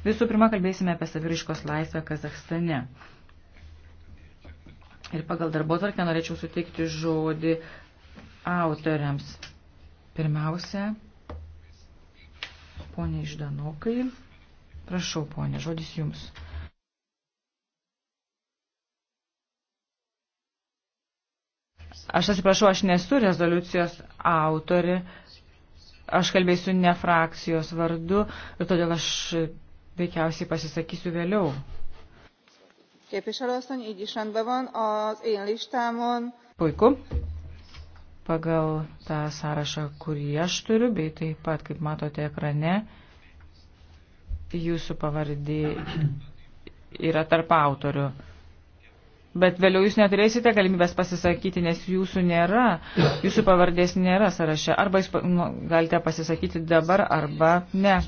Visų pirma, kalbėsime apie saviriškos laisvę Kazahstane. Ir pagal darbo tvarkę norėčiau suteikti žodį autoriams. Pirmiausia, ponė Išdanokai. Prašau, ponė, žodis jums. Aš atsiprašau, aš nesu rezoliucijos autori, aš kalbėsiu ne frakcijos vardu ir todėl aš veikiausiai pasisakysiu vėliau. Puiku. Pagal tą sąrašą, kurį aš turiu, bei taip pat, kaip matote ekrane, jūsų pavardė yra tarp autorių. Bet vėliau jūs neturėsite galimybės pasisakyti, nes jūsų nėra, jūsų pavardės nėra sąraše. Arba jūs nu, galite pasisakyti dabar, arba ne.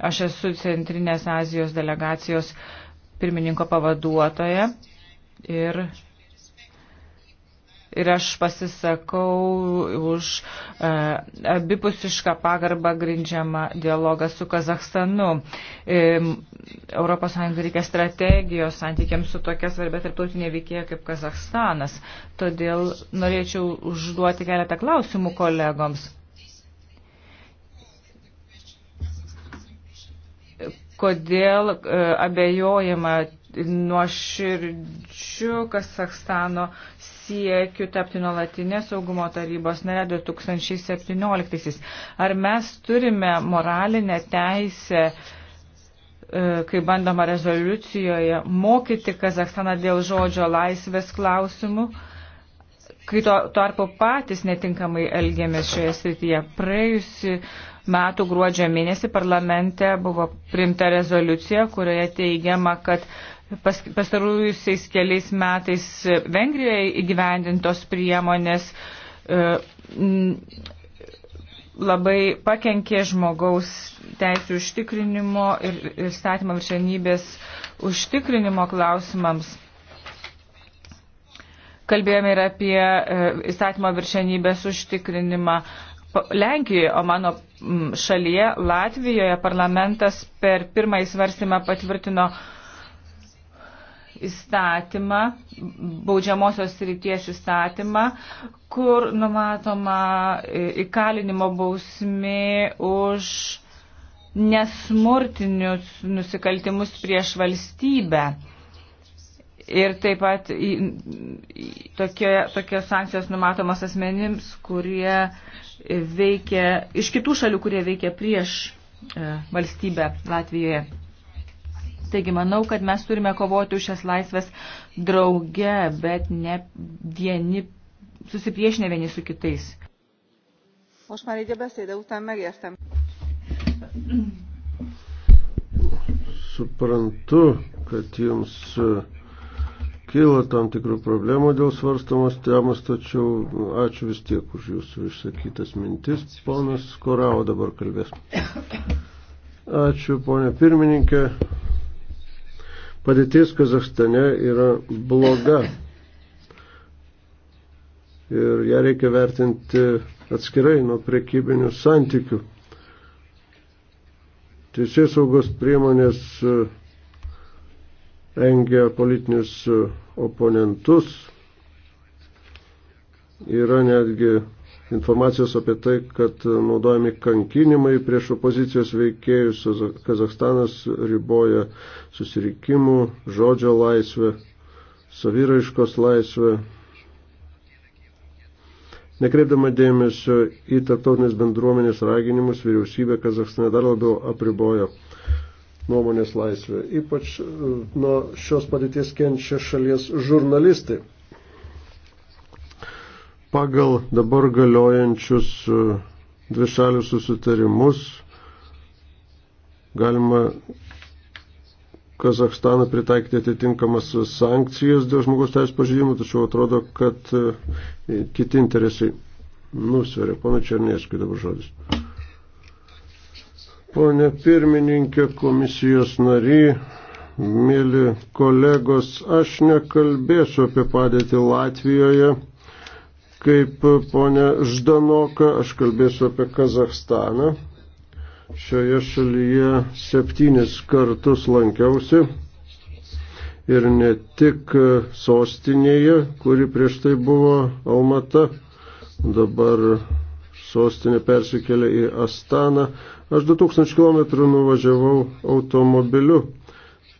Aš esu Centrinės Azijos delegacijos pirmininko pavaduotoja ir, ir aš pasisakau už uh, abipusišką pagarbą grindžiamą dialogą su Kazahstanu. Um, e, ES reikia strategijos santykiams su tokia svarbia tarptautinė veikėja kaip Kazahstanas. Todėl norėčiau užduoti keletą klausimų kolegoms. kodėl e, abejojama nuoširdžiu Kazakstano siekiu tapti nuolatinė saugumo tarybos nare 2017. Ar mes turime moralinę teisę, e, kai bandoma rezoliucijoje, mokyti Kazakstaną dėl žodžio laisvės klausimų? kai tuo tarpu patys netinkamai elgėmės šioje srityje. Praėjusi uh, metų gruodžio mėnesį parlamente buvo primta rezoliucija, kurioje teigiama, kad pastarujusiais keliais metais Vengrijoje įgyvendintos priemonės e, labai pakenkė žmogaus teisų užtikrinimo ir, ir statymo viršenybės užtikrinimo klausimams. Kalbėjome ir apie e, įstatymo viršenybės užtikrinimą Lenkijoje, o mano šalyje, Latvijoje, parlamentas per pirmąjį svarstymą patvirtino įstatymą, baudžiamosios ryties įstatymą, kur numatoma e, įkalinimo bausmė už nesmurtinius nusikaltimus prieš valstybę. Ir taip pat tokie, tokios sankcijos numatomas asmenims, kurie veikia, iš kitų šalių, kurie veikia prieš e, valstybę Latvijoje. Taigi manau, kad mes turime kovoti už šias laisvės drauge, bet ne vieni susipriešinę vieni su kitais. Most már így a beszéde után megértem. Suprantu, kad jums uh, Kilo tam tikrų problemų dėl svarstamos temos, tačiau nu, ačiū vis tiek už jūsų išsakytas mintis. Ponas Korao dabar kalbės. Ačiū, ponė pirmininkė. Padėtis Kazakstane yra bloga. Ir ją reikia vertinti atskirai nuo prekybinių santykių. Teisės saugos priemonės uh, engia politinius e, oponentus. Yra netgi informacijos apie tai, kad naudojami kankinimai prieš opozicijos veikėjus. Kazakstanas riboja susirikimų, žodžio laisvę, saviraiškos laisvę. Nekreipdama dėmesio į tarptautinės bendruomenės raginimus, vyriausybė Kazakstane dar labiau apribojo nuomonės laisvę. Ypač e, nuo šios padėties kenčia šalies žurnalistai. Pagal dabar galiojančius e, dvišalius susitarimus galima Kazakstaną pritaikyti atitinkamas sankcijas dėl žmogus teisų pažydimų, tačiau atrodo, kad e, kiti interesai nusveria. Pana Černieskui dabar žodis. Pone pirmininkė, komisijos nary, mėly kolegos, aš nekalbėsiu apie padėtį Latvijoje, kaip ponė Ždanoka, aš kalbėsiu apie Kazahstaną. Šioje šalyje septynis kartus lankiausi ir ne tik sostinėje, kuri prieš tai buvo Almata, dabar sostinė persikėlė į Astaną Aš 2000 km nuvažiavau automobiliu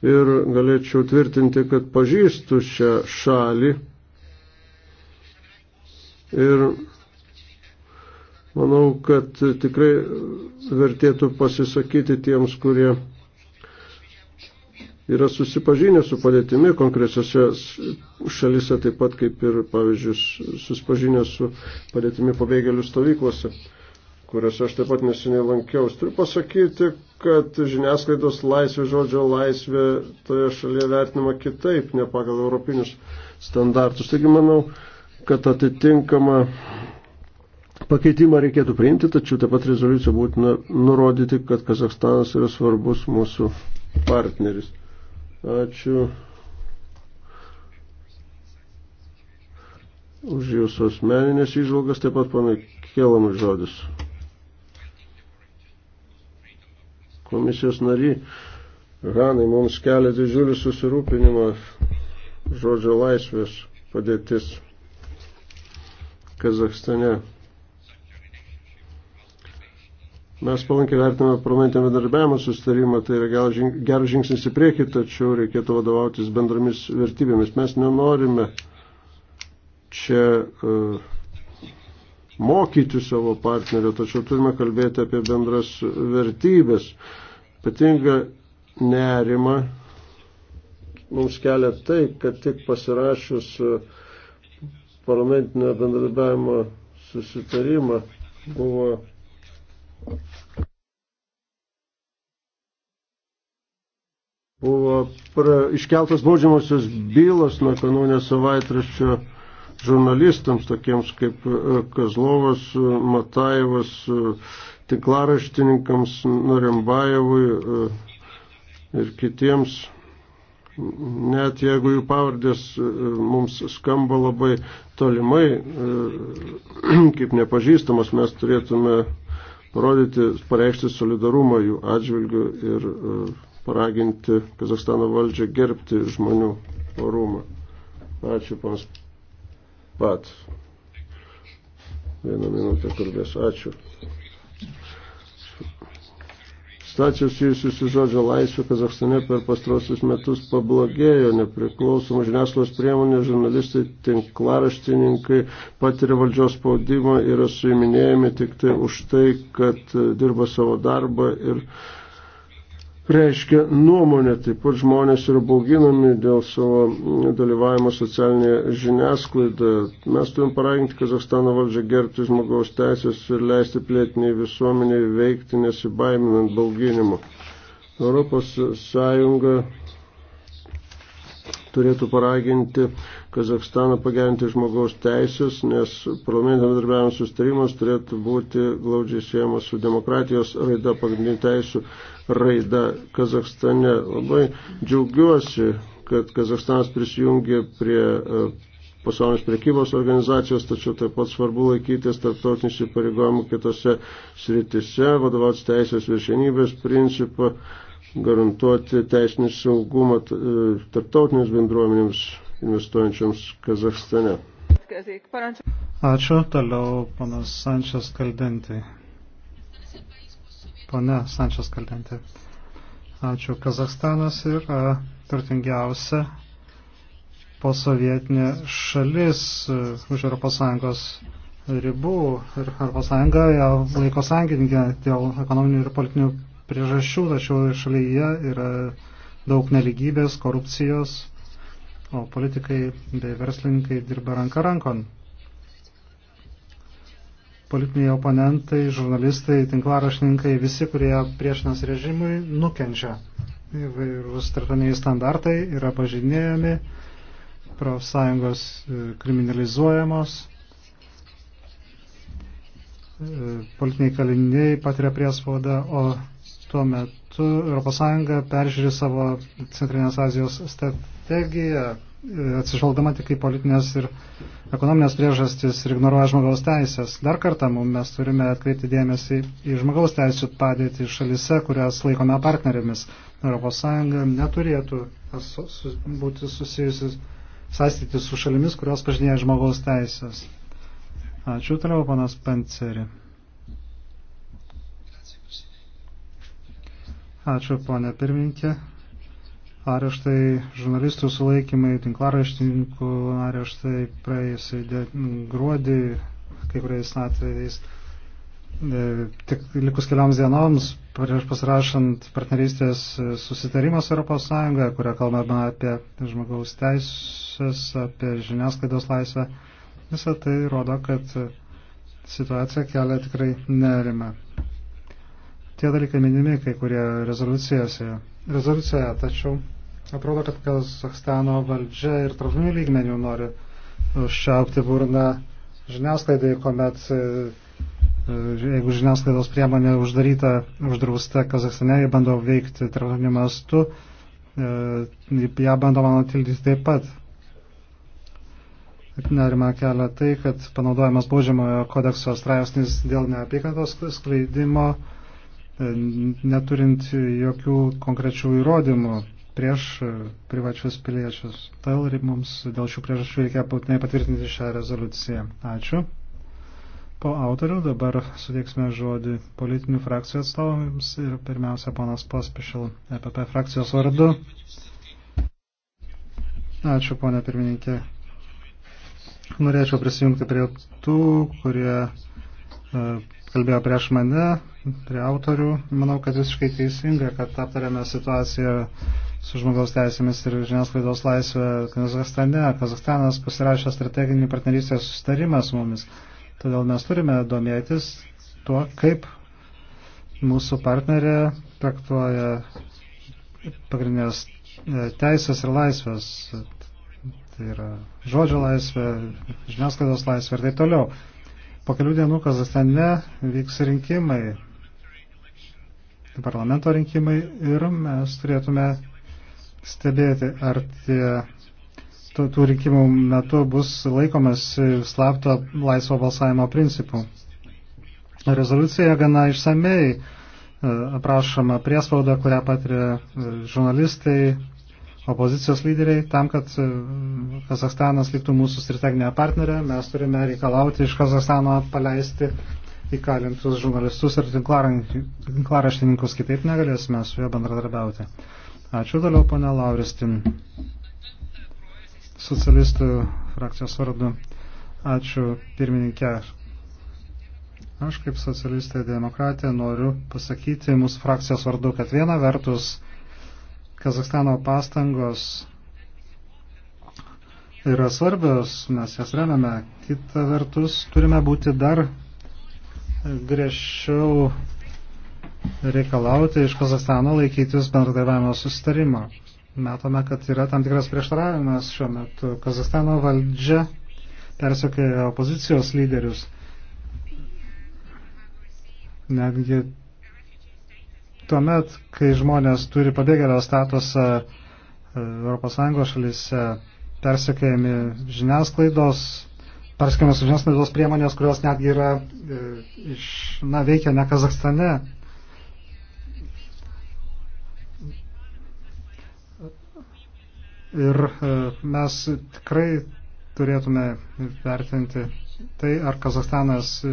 ir galėčiau tvirtinti, kad pažįstu šią šalį. Ir manau, kad tikrai vertėtų pasisakyti tiems, kurie yra susipažinę su padėtimi konkrečiose šalise, taip pat kaip ir, pavyzdžiui, susipažinę su padėtimi pabėgėlių stovyklose kuriuose aš taip pat neseniai lankiaus. Turiu pasakyti, kad žiniasklaidos laisvė, žodžio laisvė toje šalyje vertinama kitaip, ne pagal europinius standartus. Taigi manau, kad atitinkamą pakeitimą reikėtų priimti, tačiau taip pat rezoliuciją būtina nurodyti, kad Kazakstanas yra svarbus mūsų partneris. Ačiū. Už jūsų asmeninės išvalgas taip pat panai kėlamas žodis. komisijos nary Hanai mums kelia didžiulį susirūpinimą žodžio laisvės padėtis Kazakstane. Mes palankiai vertiname parlamentę bendarbiavimo sustarimą, tai yra geras žingsnis į priekį, tačiau reikėtų vadovautis bendromis vertybėmis. Mes nenorime čia uh, mokyti savo partnerio, tačiau turime kalbėti apie bendras vertybės. Patinga nerima mums kelia tai, kad tik pasirašius parlamentinio bendradarbiavimo susitarimą buvo buvo pra, iškeltas baudžiamosios bylos nuo kanonės savaitraščio žurnalistams, tokiems kaip e, Kazlovas, e, Matajevas, e, tinklaraštininkams Narembajevui ir kitiems, net jeigu jų pavardės mums skamba labai tolimai, kaip nepažįstamas, mes turėtume parodyti, pareikšti solidarumą jų atžvilgių ir paraginti Kazakstano valdžią gerbti žmonių orumą. Ačiū, pas pat. Vieną minutę kalbės. Ačiū. Stacijos įjusius į žodžio laisvę Kazakstane per pastrosius metus pablogėjo, nepriklausomų žiniasklaidos priemonė, žurnalistai, tinklaraštininkai patiria valdžios spaudimą, yra suiminėjami tik tai už tai, kad dirba savo darbą ir uh, reiškia nuomonę, taip pat žmonės yra bauginami dėl savo dalyvavimo socialinėje žiniasklaidoje. Mes turim paraginti Kazakstano valdžią gerbti žmogaus teisės ir leisti plėtiniai visuomeniai veikti nesibaiminant bauginimu. Europos Sąjunga turėtų paraginti Kazakstaną pagerinti žmogaus teisės, nes parlamentinio bendradarbiavimo sustarimas turėtų būti glaudžiai siejamas su demokratijos raida, pagrindinių teisų raida Kazakstane. Labai džiaugiuosi, kad Kazakstanas prisijungė prie e, pasaulinės prekybos organizacijos, tačiau taip pat svarbu laikytis tarptautinių įsipareigojimų kitose sritise, vadovauti teisės viršenybės principą, garantuoti teisinį saugumą e, tarptautinėms bendruomenėms investuojančiams Kazakstane. Ačiū. Toliau panas Sančias Kaldentė. Pane Sančias Kaldentė. Ačiū. Kazakstanas yra turtingiausia posovietinė šalis uh, už ES ribų ir ES ją laiko sąjungininkė dėl ekonominių ir politinių priežasčių, tačiau šalyje yra daug neligybės, korupcijos o politikai bei verslininkai dirba ranka rankon. Politiniai oponentai, žurnalistai, tinklarašininkai, visi, kurie priešinas režimui, nukenčia. Įvairūs tarptautiniai standartai yra pažinėjami, profsąjungos e, kriminalizuojamos, e, politiniai kaliniai patiria priespaudą, o tuo metu ES peržiūri savo Centrinės Azijos strategija, atsižvelgdama tik į politinės ir ekonominės priežastis ir ignoruoja žmogaus teisės. Dar kartą mes turime atkreipti dėmesį į žmogaus teisų padėtį šalise, kurias laikome partnerėmis. ES neturėtų būti susijusi sąstyti su šalimis, kurios pažinėja žmogaus teisės. Ačiū toliau, panas Panceri. Ačiū, ponė pirminkė areštai, žurnalistų sulaikymai, tinklaraštininkų areštai praėjusį gruodį, kai kuriais atvejais. E, tik likus kelioms dienoms prieš pasirašant partnerystės e, susitarimą su ES, kurią kalbame apie žmogaus teisės, apie žiniasklaidos laisvę, visą tai rodo, kad e, situacija kelia tikrai nerimą. Tie dalykai minimi kai kurie rezoliucijose, rezoliucijoje, tačiau Atrodo, kad Kazakstano valdžia ir tarptautinių lygmenių nori šiaupti burną žiniasklaidai, kuomet e, e, jeigu žiniasklaidos priemonė uždaryta, uždrausta Kazakstane, jie bando veikti tarptautiniu mastu, e, ją bandoma nutildyti taip pat. Nerima kelia tai, kad panaudojamas baudžiamojo kodekso straipsnis dėl neapykantos skleidimo, neturint jokių konkrečių įrodymų prieš e, privačius piliečius. Todėl mums dėl šių priežasčių reikia būtinai patvirtinti šią rezoliuciją. Ačiū. Po autorių dabar suteiksime žodį politinių frakcijų atstovams ir pirmiausia ponas Pospišil EPP frakcijos vardu. Ačiū, ponė pirmininkė. Norėčiau prisijungti prie tų, kurie e, kalbėjo prieš mane, prie autorių. Manau, kad visiškai teisinga, kad aptarėme situaciją su žmogaus teisėmis ir žiniasklaidos laisvė Kazakstane. Kazakstanas pasirašė strateginį partnerystės sustarimą su mumis. Todėl mes turime domėtis tuo, kaip mūsų partnerė traktuoja pagrindinės e, teisės ir laisvės. Tai yra žodžio laisvė, žiniasklaidos laisvė ir taip toliau. Po kelių dienų Kazakstane vyks rinkimai, parlamento rinkimai ir mes turėtume stebėti, ar tie tų, tų rinkimų metu bus laikomas slapto laisvo balsavimo principų. Rezoliucija gana išsamei e, aprašoma priespauda, kurią patiria e, žurnalistai, opozicijos lyderiai, tam, kad e, Kazakstanas liktų mūsų strateginė partnerė, mes turime reikalauti iš Kazakstano paleisti įkalintus žurnalistus ir tinklaraštininkus, kitaip negalėsime su juo bendradarbiauti. Ačiū toliau, pane Lauristin. Socialistų frakcijos vardu. Ačiū pirmininkė. Aš kaip socialistė demokratė noriu pasakyti mūsų frakcijos vardu, kad viena vertus Kazakstano pastangos yra svarbios, mes jas remiame. Kita vertus turime būti dar griežčiau reikalauti iš Kazastano laikytis bendradarbiavimo susitarimo. Matome, kad yra tam tikras prieštaravimas šiuo metu. Kazastano valdžia persiokėjo opozicijos lyderius. Netgi tuomet, kai žmonės turi pabėgėlio statusą ES šalyse, persiekėjami žiniasklaidos, persiekėjamos žiniasklaidos priemonės, kurios netgi yra, e, iš, na, veikia ne Kazakstane, Ir e, mes tikrai turėtume vertinti tai, ar Kazakstanas e,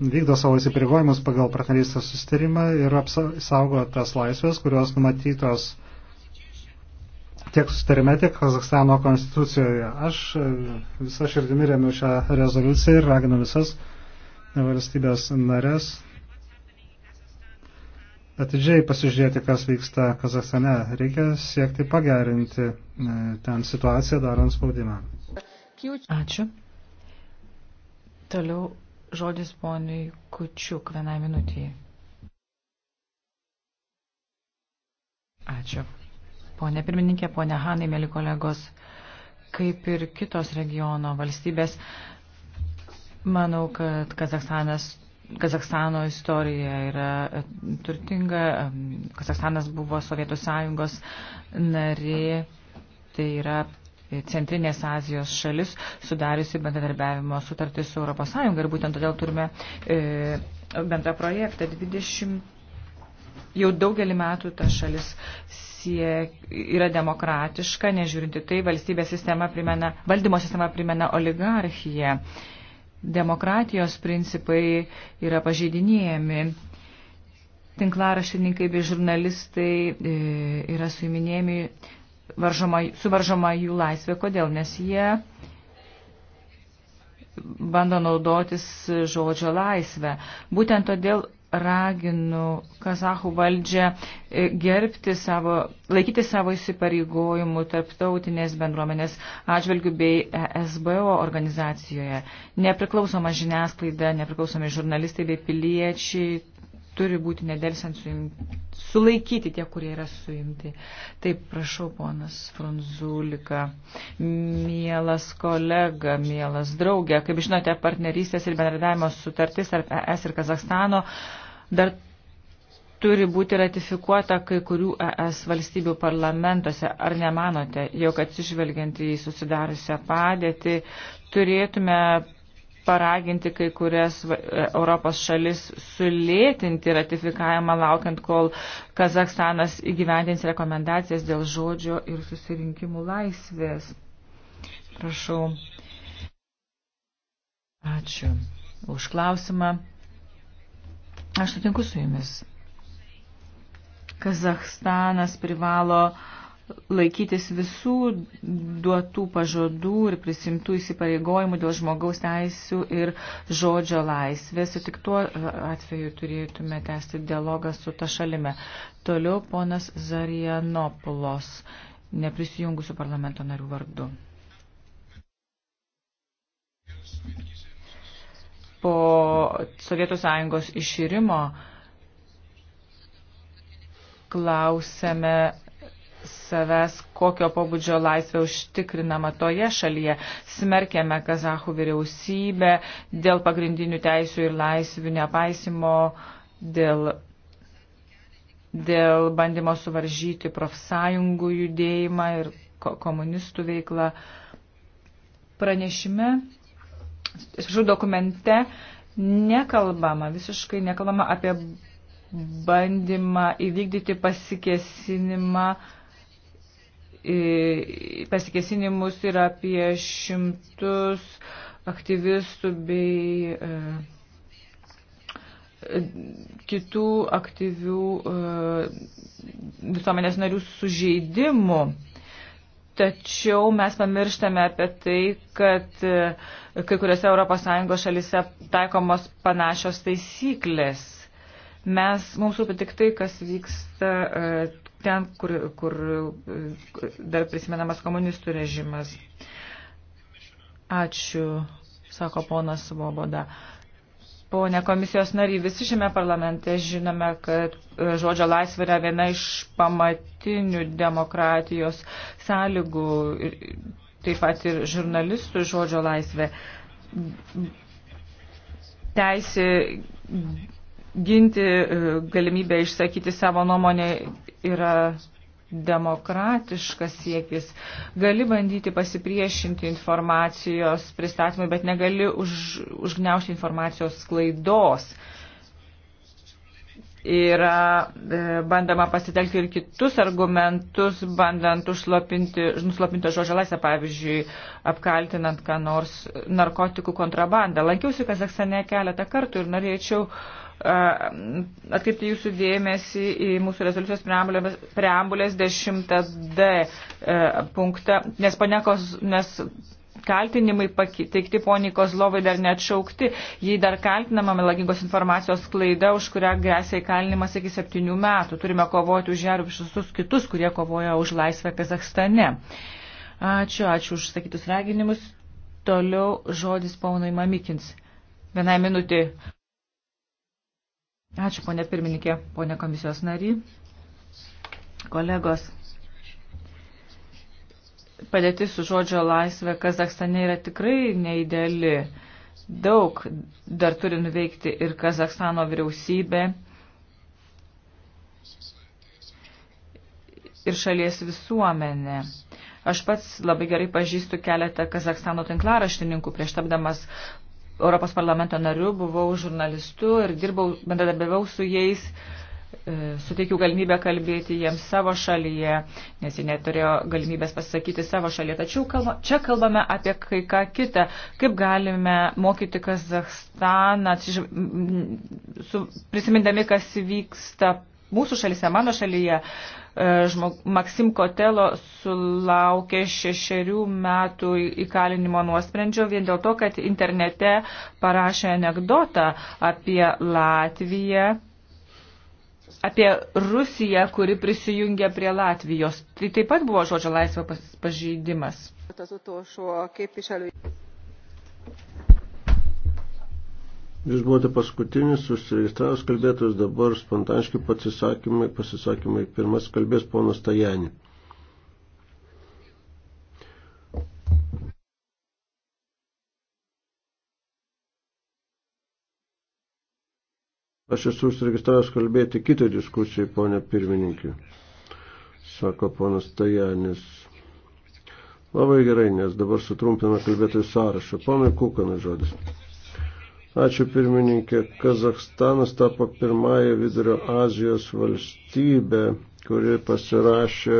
vykdo savo įsipareigojimus pagal partnerystės sustarimą ir apsaugo tas laisvės, kurios numatytos tiek sustarime, tiek Kazakstano konstitucijoje. Aš e, visą širdimi remiu šią rezoliuciją ir raginu visas valstybės narės atidžiai pasižiūrėti, kas vyksta Kazakstane. Reikia siekti pagerinti e, ten situaciją, darant spaudimą. Ačiū. Toliau žodis poniai Kučiuk vienai minutijai. Ačiū. Pone pirmininkė, pone Hanai, mėly kolegos, kaip ir kitos regiono valstybės, manau, kad Kazakstanas Kazakstano istorija yra e, turtinga. Kazakstanas buvo Sovietų sąjungos narė, tai yra e, Centrinės Azijos šalis, sudariusi bendradarbiavimo sutartį su ES ir būtent todėl turime e, bendrą projektą 20. Jau daugelį metų ta šalis siek, yra demokratiška, nežiūrinti tai, valstybės sistema primena, valdymo sistema primena oligarchiją. E, demokratijos principai yra pažeidinėjami. Tinklaraštininkai bei žurnalistai e, yra suiminėjami, varžoma, suvaržoma jų laisvė. Kodėl? Nes jie bando naudotis žodžio laisvę. Būtent todėl raginu Kazahų valdžią e, gerbti savo, laikyti savo įsipareigojimų tarptautinės bendruomenės atžvilgių bei e SBO organizacijoje. Nepriklausoma žiniasklaida, nepriklausomi žurnalistai bei piliečiai turi būti nedelsiant sulaikyti tie, kurie yra suimti. Taip, prašau, ponas Frunzulika, mielas kolega, mielas draugė, kaip žinote, partnerystės ir bendradavimo sutartis tarp ES ir Kazakstano uh, dar turi būti ratifikuota kai kurių ES valstybių parlamentuose. Ar nemanote, jog atsižvelgiant į susidariusią padėtį, turėtume paraginti kai kurias e, Europos šalis sulėtinti ratifikavimą, laukiant, kol Kazakstanas įgyvendins rekomendacijas dėl žodžio ir susirinkimų laisvės. Prašau. Ačiū už klausimą. Aš sutinku su jumis. Kazahstanas privalo laikytis visų duotų pažadų ir prisimtų įsipareigojimų dėl žmogaus teisų ir žodžio laisvės. Ir tik tuo e, atveju turėtume tęsti dialogą su ta šalime. Toliau ponas Zarianopulos, neprisijungusių parlamento narių vardu. Po Sovietų sąjungos iširimo klausėme savęs, kokio pobūdžio laisvė užtikrinama toje šalyje. Smerkėme Kazahų vyriausybę dėl pagrindinių teisų ir laisvių nepaisimo, dėl, dėl bandymo suvaržyti profsąjungų judėjimą ir komunistų veiklą. Pranešime, atsiprašau, dokumente nekalbama, visiškai nekalbama apie bandymą įvykdyti pasikesinimą, pasikesinimus ir apie šimtus aktyvistų bei e, e, kitų aktyvių e, visuomenės narių sužeidimų. Tačiau mes pamirštame apie tai, kad e, kai kuriuose ES šalise taikomos panašios taisyklės. Mes, mums rūpi tik tai, kas vyksta e, ten, kur, kur e, dar prisimenamas komunistų režimas. Ačiū, sako ponas Svoboda. Pone komisijos nariai, visi šiame parlamente žinome, kad e, žodžio laisvė yra viena iš pamatinių demokratijos sąlygų, taip pat ir žurnalistų žodžio laisvė. Teisė ginti e, galimybę išsakyti savo nuomonę yra demokratiškas siekis. Gali bandyti pasipriešinti informacijos pristatymui, bet negali už, užgneušti informacijos klaidos. Yra e, bandama pasitelkti ir kitus argumentus, bandant nuslopinti žodžio laisvę, pavyzdžiui, apkaltinant ką nors narkotikų kontrabandą. Lankiausi Kazakstane keletą kartų ir norėčiau e, atkreipti jūsų dėmesį į mūsų rezoliucijos preambulės 10D punktą, nes panekos, nes kaltinimai pateikti poniai Kozlovai dar neatšaukti, jį dar kaltinama melagingos informacijos klaida, už kurią grėsia įkalinimas iki septynių metų. Turime kovoti už ją ir visus kitus, kurie kovoja už laisvę Kazakstane. Ačiū, ačiū už sakytus raginimus. Toliau žodis paunai Mamikins. Vienai minutį. Ačiū, ponė pirmininkė, ponė komisijos nary, kolegos. Padėtis su žodžio laisvė Kazakstane yra tikrai neideali. Daug dar turi nuveikti ir Kazakstano vyriausybė, ir šalies visuomenė. Aš pats labai gerai pažįstu keletą Kazakstano tinklaraštininkų prieš tapdamas Europos parlamento nariu, buvau žurnalistu ir dirbau, bendradarbiavau su jais, e, suteikiau galimybę kalbėti jiems savo šalyje, nes jie neturėjo galimybės pasisakyti savo šalyje. Tačiau kalba, čia kalbame apie kai ką kitą, kaip galime mokyti Kazahstaną, prisimindami, kas vyksta mūsų šalyse, mano šalyje, e, žmog, Maksim Kotelo sulaukė šešerių metų įkalinimo nuosprendžio vien dėl to, kad internete parašė anegdotą apie Latviją apie Rusiją, kuri prisijungia prie Latvijos. Tai taip pat buvo žodžio laisvė pažeidimas. Jūs buvote paskutinis užsiregistravęs kalbėtojas, dabar spontaniški pasisakymai, pasisakymai pirmas kalbės ponas Tajani. Aš esu užsiregistravęs kalbėti kitą diskusiją, ponė pirmininkė, sako ponas Tajanis. Labai gerai, nes dabar sutrumpina kalbėtojų sąrašą. Ponai Kukanai žodis. Ačiū pirmininkė. Kazakstanas tapo pirmąją Vidurio Azijos valstybę, kuri pasirašė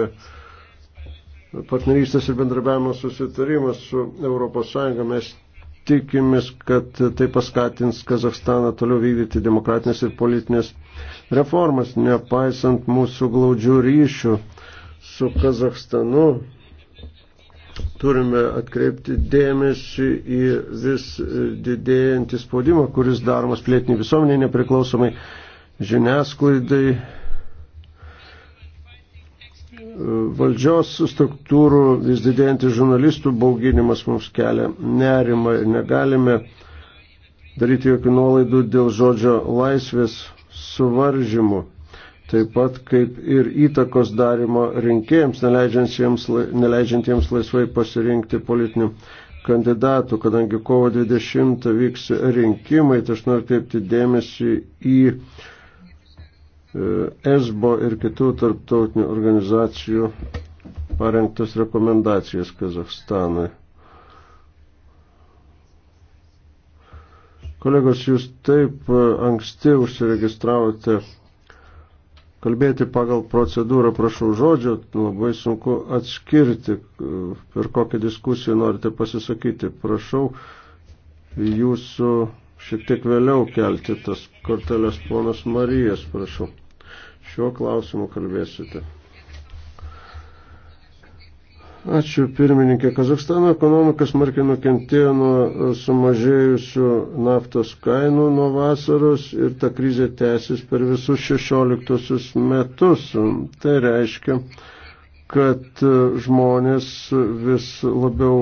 partnerystės ir bendrabiavimo susitarimas su ES. Mes tikimės, kad tai paskatins Kazakstaną toliau vykdyti demokratinės ir politinės reformas, nepaisant mūsų glaudžių ryšių su Kazakstanu turime atkreipti dėmesį į vis didėjantį spaudimą, kuris daromas plėtiniai visuomeniai nepriklausomai žiniasklaidai valdžios struktūrų vis didėjantį žurnalistų bauginimas mums kelia nerimą ir negalime daryti jokių nuolaidų dėl žodžio laisvės suvaržymų taip pat kaip ir įtakos darimo rinkėjams, neleidžiantiems, neleidžiantiems laisvai pasirinkti politinių kandidatų, kadangi kovo 20 vyks rinkimai, tai aš noriu kreipti dėmesį į ESBO ir kitų tarptautinių organizacijų parengtas rekomendacijas Kazakstanui. Kolegos, jūs taip e, anksti užsiregistravote kalbėti pagal procedūrą, prašau žodžio, labai sunku atskirti, per kokią diskusiją norite pasisakyti. Prašau jūsų šiek tiek vėliau kelti tas korteles ponas Marijas, prašau. Šiuo klausimu kalbėsite. Ačiū pirmininkė. Kazakstano ekonomika smarkiai nukentėjo nuo e, sumažėjusių naftos kainų nuo vasaros ir ta krizė tęsis per visus 16 metus. Tai reiškia, kad e, žmonės vis labiau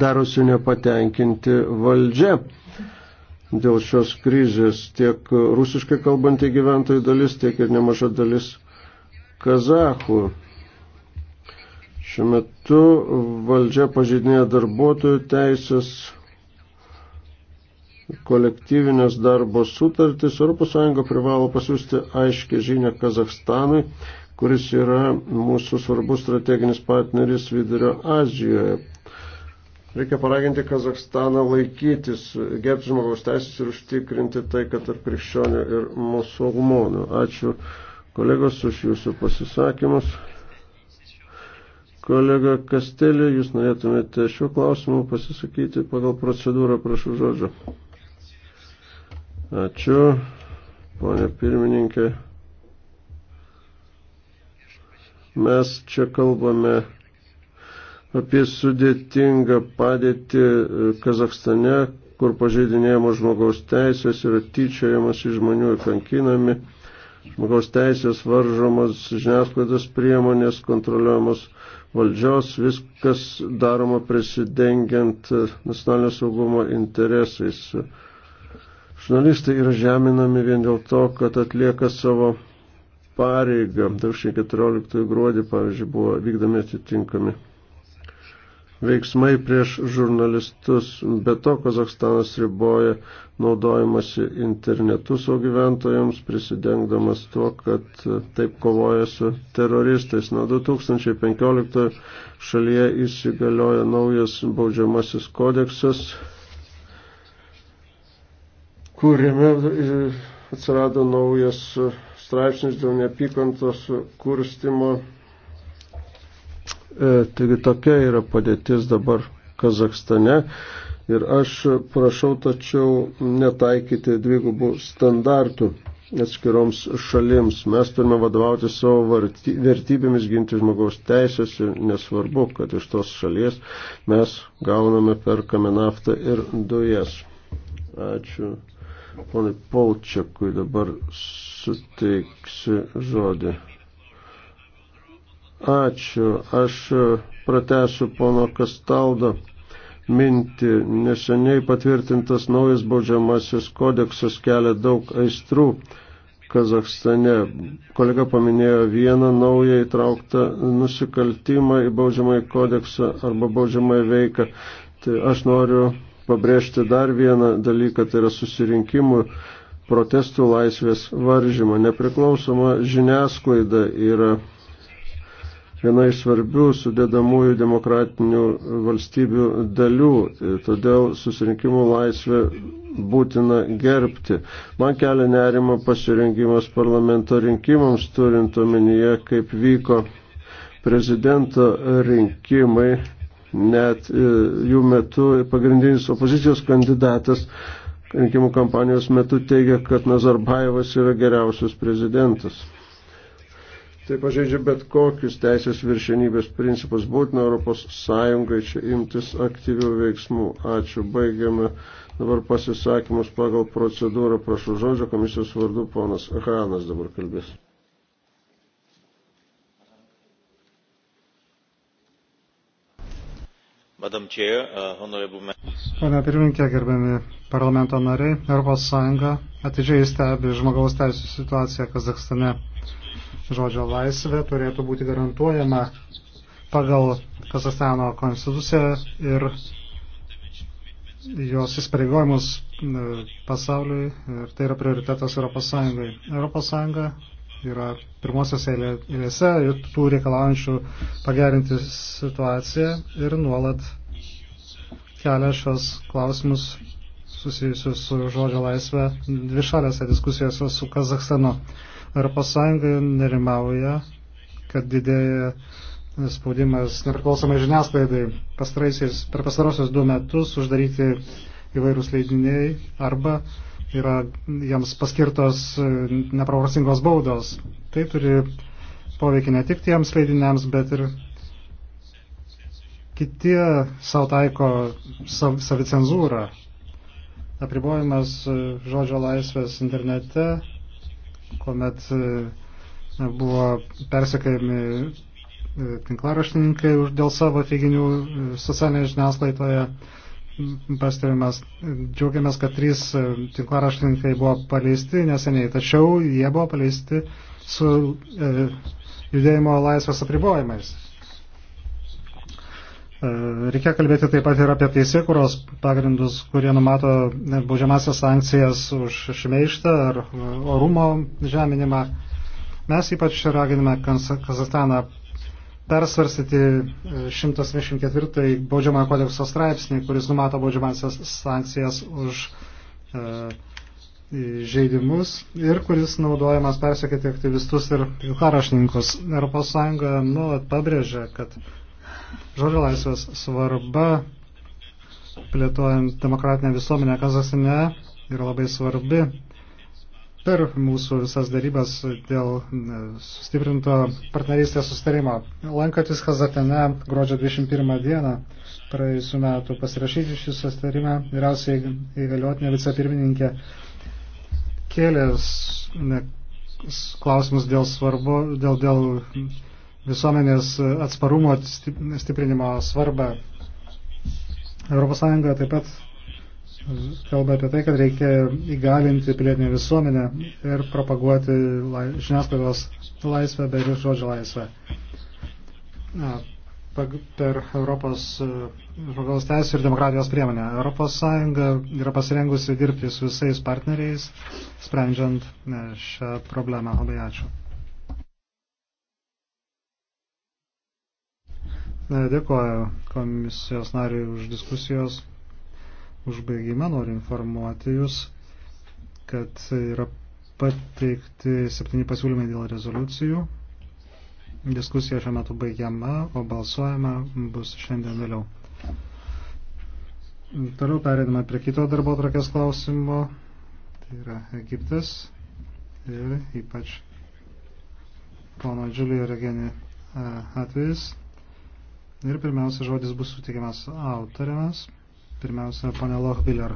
darosi nepatenkinti valdžia dėl šios krizės. Tiek rusiškai kalbantį gyventojų dalis, tiek ir nemaža dalis kazachų. Šiuo metu valdžia pažydinėja darbuotojų teisės, kolektyvinės darbo sutartys. ES privalo pasiūsti aiškę žinę Kazakstanui, kuris yra mūsų svarbus strateginis partneris Vidurio Azijoje. Reikia paraginti Kazakstaną laikytis, gerbti žmogaus teisės ir užtikrinti tai, kad tarp krikščionių ir musulmonų. Ačiū kolegos už jūsų pasisakymus. Kolega Kastelė, jūs norėtumėte šiuo klausimu pasisakyti pagal procedūrą, prašau žodžio. Ačiū, ponė pirmininkė. Mes čia kalbame apie sudėtingą padėtį e, Kazakstane, kur pažeidinėjamos žmogaus teisės yra tyčiojamas iš žmonių ir kankinami, žmogaus teisės varžomos žiniasklaidos priemonės kontroliuojamos valdžios, viskas daroma prisidengiant nacionalinio saugumo interesais. Žurnalistai yra žeminami vien dėl to, kad atlieka savo pareigą. 2014 gruodį, pavyzdžiui, buvo vykdami atitinkami veiksmai prieš žurnalistus. Be to, Kazakstanas riboja naudojimasi internetu savo gyventojams, prisidengdamas tuo, kad taip kovoja su teroristais. Nuo 2015 šalyje įsigalioja naujas baudžiamasis kodeksas, kuriame atsirado naujas straipsnis dėl nepykantos kurstimo E, taigi tokia yra padėtis dabar Kazakstane. Ir aš prašau tačiau netaikyti dvigubų standartų atskiroms šalims. Mes turime vadovauti savo vertybėmis, ginti žmogaus teisės ir nesvarbu, kad iš tos šalies mes gauname perkame naftą ir dujas. Ačiū. Ponai Polčiakui dabar suteiksiu žodį. Ačiū. Aš pratęsiu pono Kastaldo mintį. Neseniai patvirtintas naujas baudžiamasis kodeksas kelia daug aistrų Kazakstane. Kolega paminėjo vieną naują įtrauktą nusikaltimą į baudžiamąjį kodeksą arba baudžiamąją veiką. Tai aš noriu pabrėžti dar vieną dalyką, tai yra susirinkimų protestų laisvės varžymą. Nepriklausoma žiniasklaida yra viena iš svarbių sudėdamųjų demokratinių valstybių dalių, todėl susirinkimų laisvę būtina gerbti. Man kelia nerima pasirinkimas parlamento rinkimams, turint omenyje, kaip vyko prezidento rinkimai, net e, jų metu pagrindinis opozicijos kandidatas rinkimų kampanijos metu teigia, kad Nazarbaevas yra geriausias prezidentas. Tai pažeidžia bet kokius teisės viršenybės principus. Būtina Europos Sąjungai čia imtis aktyvių veiksmų. Ačiū. Baigiame dabar pasisakymus pagal procedūrą. Prašau žodžio komisijos vardu ponas Hanas dabar kalbės. Uh, Pane pirmininkė, gerbiami parlamento nariai, Europos Sąjunga atidžiai stebi žmogaus teisų situaciją Kazakstane žodžio laisvė turėtų būti garantuojama pagal Kazastano konstituciją ir jos įsipareigojimus e, pasauliui ir tai yra prioritetas Europos Sąjungai. Europos Sąjunga yra pirmosios eilėse ir tų reikalaujančių pagerinti situaciją ir nuolat kelia šios klausimus susijusius su žodžio laisvė dvišalėse diskusijose su Kazakstanu. ES nerimauja, kad didėja spaudimas nepriklausomai žiniasklaidai. Pastaraisiais, per pastarosius du metus uždaryti įvairūs leidiniai arba yra jiems paskirtos neproporcingos baudos. Tai turi poveikį ne tik tiems leidiniams, bet ir kiti savo taiko sav, savicenzūrą. Apribojimas žodžio laisvės internete kuomet e, buvo persekėjami e, tinklaraštininkai dėl savo teiginių e, socialinėje žiniasklaidoje. Pastebimas, džiaugiamės, kad trys tinklaraštininkai buvo paleisti neseniai, tačiau jie buvo paleisti su e, judėjimo laisvės apribojimais. E, reikia kalbėti taip pat ir apie teisėkuros pagrindus, kurie numato baudžiamasias sankcijas už šmeištą ar orumo žeminimą. Mes ypač raginame Kazastaną persvarstyti 124 e, baudžiamojo kodekso straipsnį, kuris numato baudžiamasias sankcijas už e, žaidimus ir kuris naudojamas persekėti aktyvistus ir karašninkus. ES nuolat pabrėžia, kad Žodžio laisvės svarba plėtojant demokratinę visuomenę Kazasine yra labai svarbi per mūsų visas darybas dėl e, sustiprinto partnerystės sustarimo. Lankantis Kazatene gruodžio 21 dieną praėjusiu metu pasirašyti šį sustarimą, vyriausiai įgaliotinė vicepirmininkė kėlė klausimus dėl svarbu, dėl, dėl visuomenės atsparumo stiprinimo svarbą. ES taip pat kalba apie tai, kad reikia įgalinti pilietinę visuomenę ir propaguoti lai, žiniasklaidos laisvę bei žodžio laisvę. Na, per Europos žmogaus teisų ir demokratijos priemonę. Europos Sąjunga yra pasirengusi dirbti su visais partneriais, sprendžiant šią problemą. Labai ačiū. Dėkuoju komisijos nariui už diskusijos užbaigimą. Noriu informuoti Jūs, kad yra pateikti septyni pasiūlymai dėl rezoliucijų. Diskusija šiuo metu baigiama, o balsuojama bus šiandien vėliau. Toliau perėdame prie kito darbo trakės klausimo. Tai yra Egiptas ir ypač pono Džiulio Regeni atvejis. Ir pirmiausia, žodis bus sutikimas autoriams. Pirmiausia, ponė Lochbiller.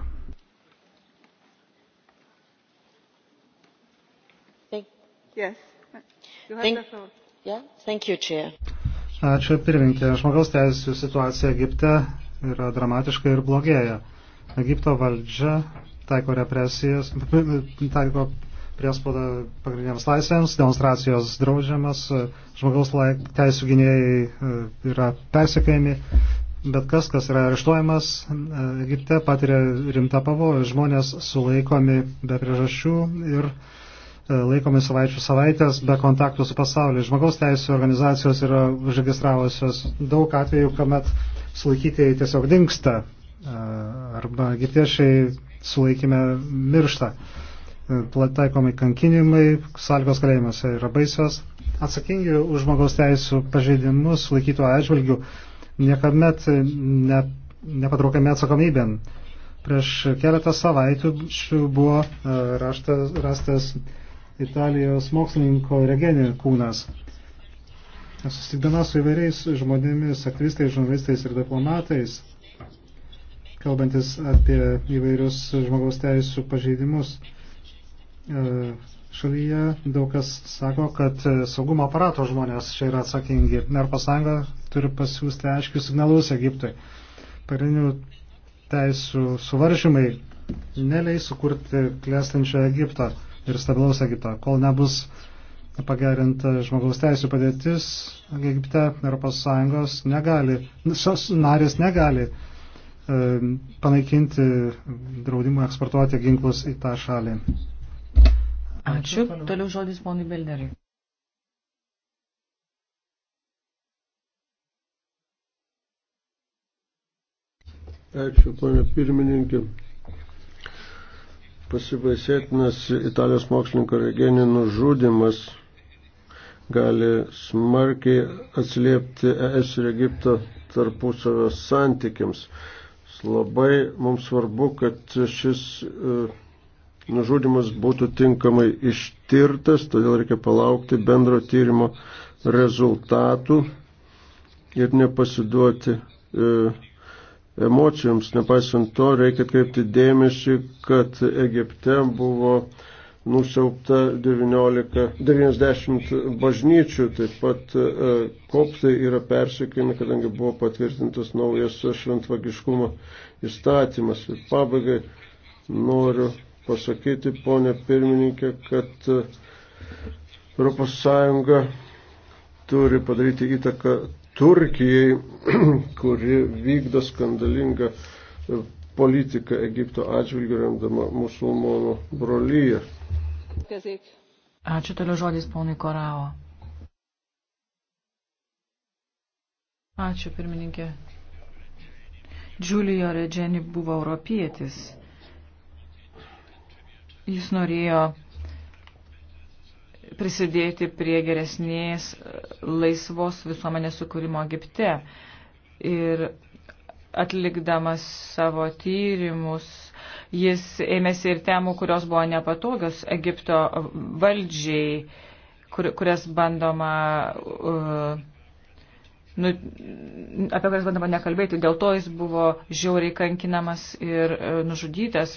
Yes. Thank, yeah, thank you, Chair. Ačiū pirminkė. Žmogaus teisų situacija Egipte yra dramatiška ir blogėja. Egipto valdžia taiko represijas, taiko priespauda pagrindiniams laisvėms, demonstracijos draudžiamas, žmogaus teisų gynėjai e, yra persekėjami, bet kas, kas yra areštuojamas, e, Egipte patiria rimtą pavojų, žmonės sulaikomi be priežasčių ir e, laikomi savaičių savaitės be kontaktų su pasauliu. Žmogaus teisų organizacijos yra užregistravusios daug atvejų, kuomet sulaikytieji tiesiog dinksta arba egiptiešiai sulaikime miršta taikomi kankinimai, sąlygos kalėjimuose yra baisios. Atsakingi už žmogaus teisų pažeidimus laikytų atžvilgių niekamet ne, nepatraukiami atsakomybėn. Prieš keletą savaitų buvo e, raštas, rastas Italijos mokslininko Regeni kūnas. Susitikdama su įvairiais žmonėmis, aktyvistais, žurnalistais ir diplomatais, kalbantis apie įvairius žmogaus teisų pažeidimus, E, šalyje daug kas sako, kad e, saugumo aparato žmonės čia yra atsakingi. Europos Sąjunga turi pasiūsti aiškius signalus Egiptui. Pagrindinių teisų suvaržymai neleis sukurti klestinčio Egipto ir stabilaus Egipto, kol nebus pagerinta žmogaus teisų padėtis Egipte, Europos Sąjungos negali, narės negali e, panaikinti draudimų eksportuoti ginklus į tą šalį. Ačiū. Toliau žodis ponui Belderiui. Ačiū, ponė pirmininkė. Pasibaisėtinas Italijos mokslininko Regeni nužudimas gali smarkiai atsiliepti ES ir Egipto tarpusavio santykiams. Labai mums svarbu, kad šis uh, nužudimas būtų tinkamai ištirtas, todėl reikia palaukti bendro tyrimo rezultatų ir nepasiduoti e, emocijoms. Nepaisant to, reikia kreipti dėmesį, kad Egipte buvo nusiaupta 19, 90 bažnyčių, taip pat e, koptai yra persikėjami, kadangi buvo patvirtintas naujas šventvagiškumo įstatymas. Ir pabaigai noriu pasakyti, ponė pirmininkė, kad ES turi padaryti įtaką Turkijai, kuri vykdo skandalingą e, politiką Egipto atžvilgių remdama musulmonų brolyje. Ačiū toliau žodis ponui Korao. Ačiū pirmininkė. Giulio Regeni buvo europietis Jis norėjo prisidėti prie geresnės e, laisvos visuomenės sukūrimo Egipte. Ir atlikdamas savo tyrimus, jis ėmėsi ir temų, kurios buvo nepatogios Egipto valdžiai, kur, kurias bandoma. Uh, nu, apie kurias bandama nekalbėti. Dėl to jis buvo žiauriai kankinamas ir e, nužudytas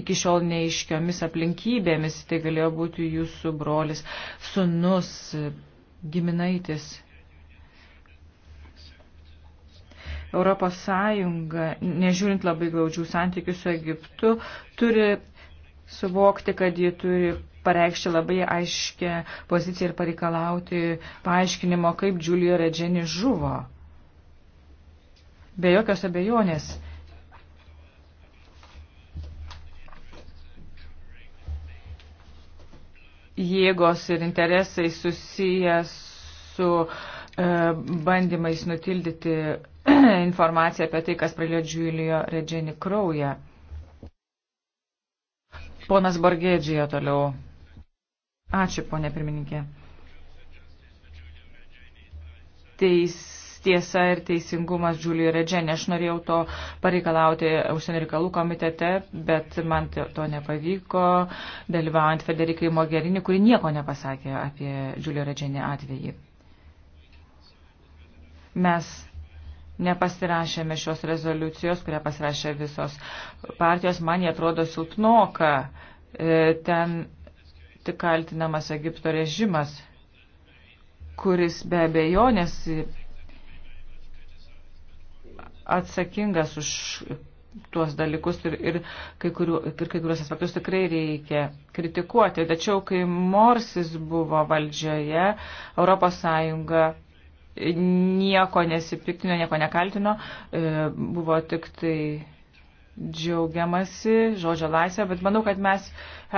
iki šiol neiškiomis aplinkybėmis. Tai galėjo būti jūsų brolis, sunus, e, giminaitis. Europos Sąjunga, nežiūrint labai glaudžių santykių su Egiptu, turi suvokti, kad ji turi pareikšti labai aiškę poziciją ir pareikalauti paaiškinimo, kaip Giulio Regeni žuvo. Be jokios abejonės. Jėgos ir interesai susijęs su e, bandymais nutildyti informaciją apie tai, kas pralėjo Giulio Regeni kraują. Ponas Borgėdžija toliau. Ačiū, ponė pirmininkė. Teis, tiesa ir teisingumas Džiulija Redženė. Aš norėjau to pareikalauti užsienio reikalų komitete, bet man to nepavyko, dalyvaujant Federikai Mogherini, kuri nieko nepasakė apie Džiulio Redženė atvejį. Mes nepasirašėme šios rezoliucijos, kurią pasirašė visos partijos, man jie atrodo silpnoka. E, ten tik kaltinamas Egipto režimas, kuris be abejonės atsakingas už tuos dalykus ir, ir, kai, kurių, ir kai kuriuos aspektus tikrai reikia kritikuoti. Tačiau, kai Morsis buvo valdžioje, ES nieko nesipiktino, nieko nekaltino, e, buvo tik tai džiaugiamasi žodžio laisvę, bet manau, kad mes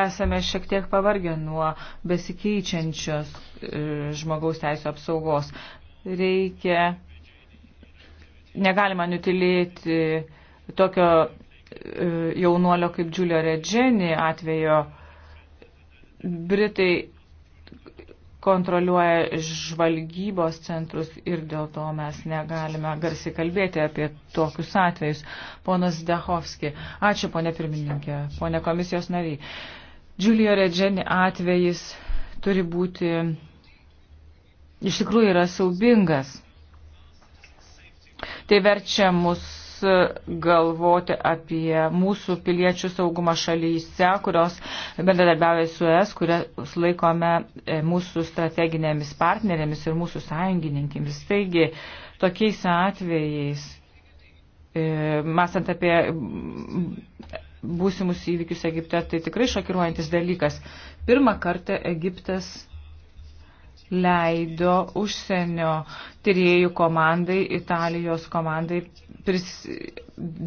esame šiek tiek pavargę nuo besikeičiančios e, žmogaus teisų apsaugos. Reikia, negalima nutilėti tokio e, jaunuolio kaip Džiulio Redženi atvejo. Britai kontroliuoja žvalgybos centrus ir dėl to mes negalime garsiai kalbėti apie tokius atvejus. Ponas Dehovski, ačiū ponė pirmininkė, ponė komisijos nariai. Giulio Regeni atvejis turi būti, iš tikrųjų yra saubingas. Tai verčia mus galvoti apie mūsų piliečių saugumą šalyse, kurios bendradarbiauja su ES, kurias laikome e, mūsų strateginėmis partnerėmis ir mūsų sąjungininkėmis. Taigi, tokiais atvejais, e, mąstant apie būsimus įvykius Egipte, tai tikrai šokiruojantis dalykas. Pirmą kartą Egiptas leido užsienio tyriejų komandai, Italijos komandai pris,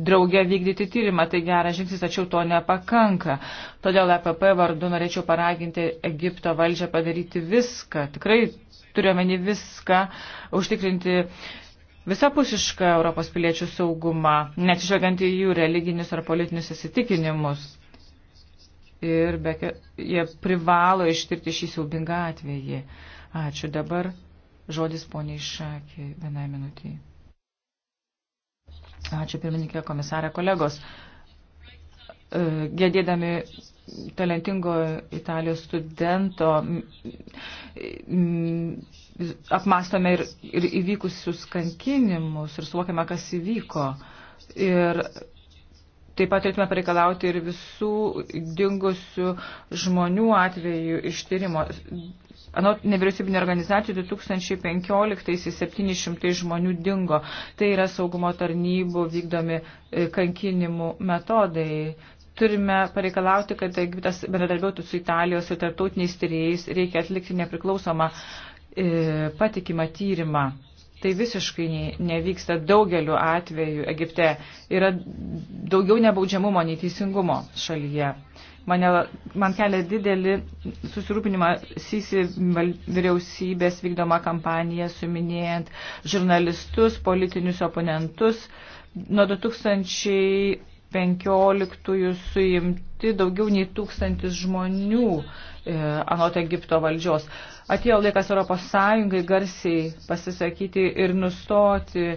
draugę vykdyti tyrimą. Tai geras žingsnis, tačiau to nepakanka. Todėl EPP vardu norėčiau paraginti Egipto valdžią padaryti viską, tikrai turiuomenį viską, užtikrinti visapusišką Europos piliečių saugumą, neatsižvelgiant į jų religinius ar politinius įsitikinimus. Ir be, jie privalo ištirti šį siaubingą atvejį. Ačiū. Dabar žodis poniai Šakė vienai minutiai. Ačiū pirmininkė komisarė kolegos. E, Gėdėdami talentingo Italijos studento apmastome ir, ir įvykusius kankinimus ir suvokiame, kas įvyko. Ir Taip pat turėtume pareikalauti ir visų dingusių žmonių atvejų ištyrimo. Anot nevyriausybinio organizacijų 2015 700 žmonių dingo. Tai yra saugumo tarnybų vykdomi e, kankinimų metodai. Turime pareikalauti, kad Egiptas bendradarbiautų su Italijos ir tarptautiniais tyrėjais, reikia atlikti nepriklausomą e, patikimą tyrimą. Tai visiškai nevyksta daugeliu atveju Egipte. Yra daugiau nebaudžiamumo nei teisingumo šalyje. E, mane, man kelia didelį susirūpinimą Sisi vyriausybės vykdoma kampanija, suminėjant žurnalistus, politinius oponentus. Nuo 2015 suimti daugiau nei tūkstantis žmonių e, anot Egipto valdžios. Atėjo laikas Europos Sąjungai garsiai pasisakyti ir nustoti e,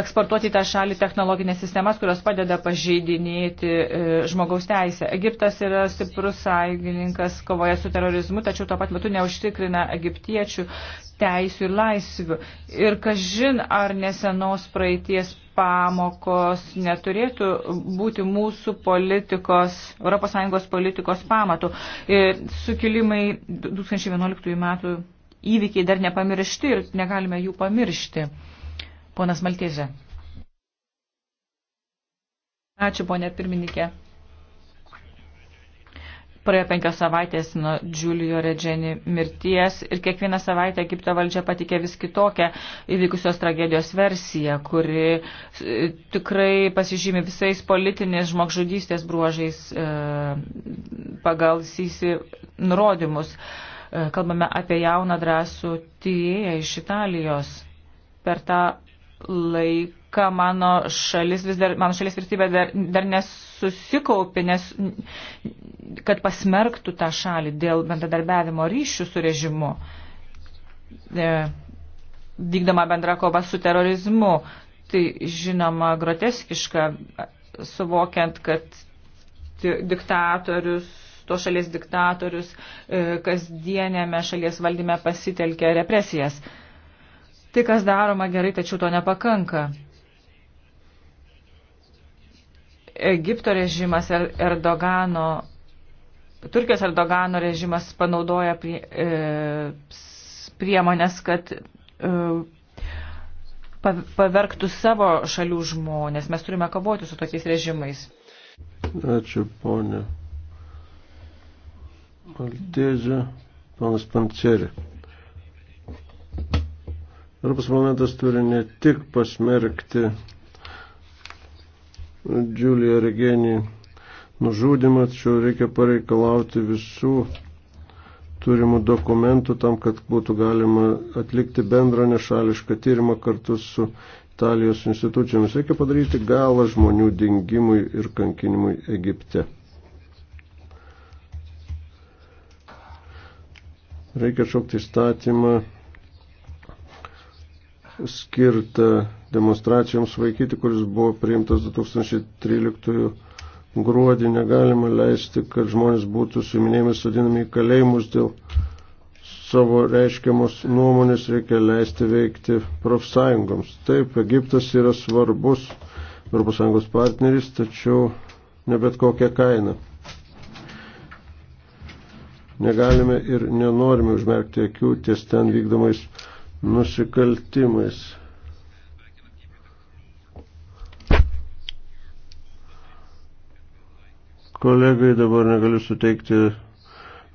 eksportuoti į tą šalį technologinės sistemas, kurios padeda pažeidinėti e, žmogaus teisę. Egiptas yra stiprus sąjungininkas kovoje su terorizmu, tačiau tuo pat metu neužtikrina egiptiečių teisų ir laisvių. Ir kažin ar nesenos praeities pamokos neturėtų būti mūsų politikos, ES politikos pamatų. Ir e, sukilimai 2011 metų įvykiai dar nepamiršti ir negalime jų pamiršti. Ponas Maltėžė. Ačiū, ponė pirmininkė. Praėjo penkios savaitės nuo Giulio Regeni mirties ir kiekvieną savaitę Egipto valdžia patikė vis kitokią įvykusios tragedijos versiją, kuri e, tikrai pasižymi visais politinės žmogžudystės bruožais e, pagal Sisi nurodymus. E, kalbame apie jauną drąsų tyrėją iš Italijos. Per tą laiką mano šalis, vis dar, mano šalis virtybė dar, dar nesusikaupė, nes, kad pasmerktų tą šalį dėl bendradarbiavimo ryšių su režimu, e, vykdama bendra kova su terorizmu. Tai žinoma groteskiška, suvokiant, kad diktatorius to šalies diktatorius e, kasdienėme šalies valdyme pasitelkė represijas. Tai, kas daroma gerai, tačiau to nepakanka. Egipto režimas ir er, Erdogano, Turkijos Erdogano režimas panaudoja prie, e, priemonės, kad e, pavergtų savo šalių žmonės. Mes turime kovoti su tokiais režimais. Ačiū, ponė. Maltėžė, ponas Panceri. Europos parlamentas turi ne tik pasmerkti Džiulio Regenį nužudimą, tačiau reikia pareikalauti visų turimų dokumentų tam, kad būtų galima atlikti bendrą nešališką tyrimą kartu su Italijos institucijomis. Reikia padaryti galą žmonių dingimui ir kankinimui Egipte. Reikia šaukti įstatymą skirtą demonstracijoms vaikyti, kuris buvo priimtas 2013 gruodį. Negalima leisti, kad žmonės būtų suiminėjami sodinami į kalėjimus dėl savo reiškiamos nuomonės, reikia leisti veikti profsąjungoms. Taip, Egiptas yra svarbus ES partneris, tačiau ne bet kokią kainą. Negalime ir nenorime užmerkti akių ties ten vykdomais nusikaltimais. Kolegai dabar negaliu suteikti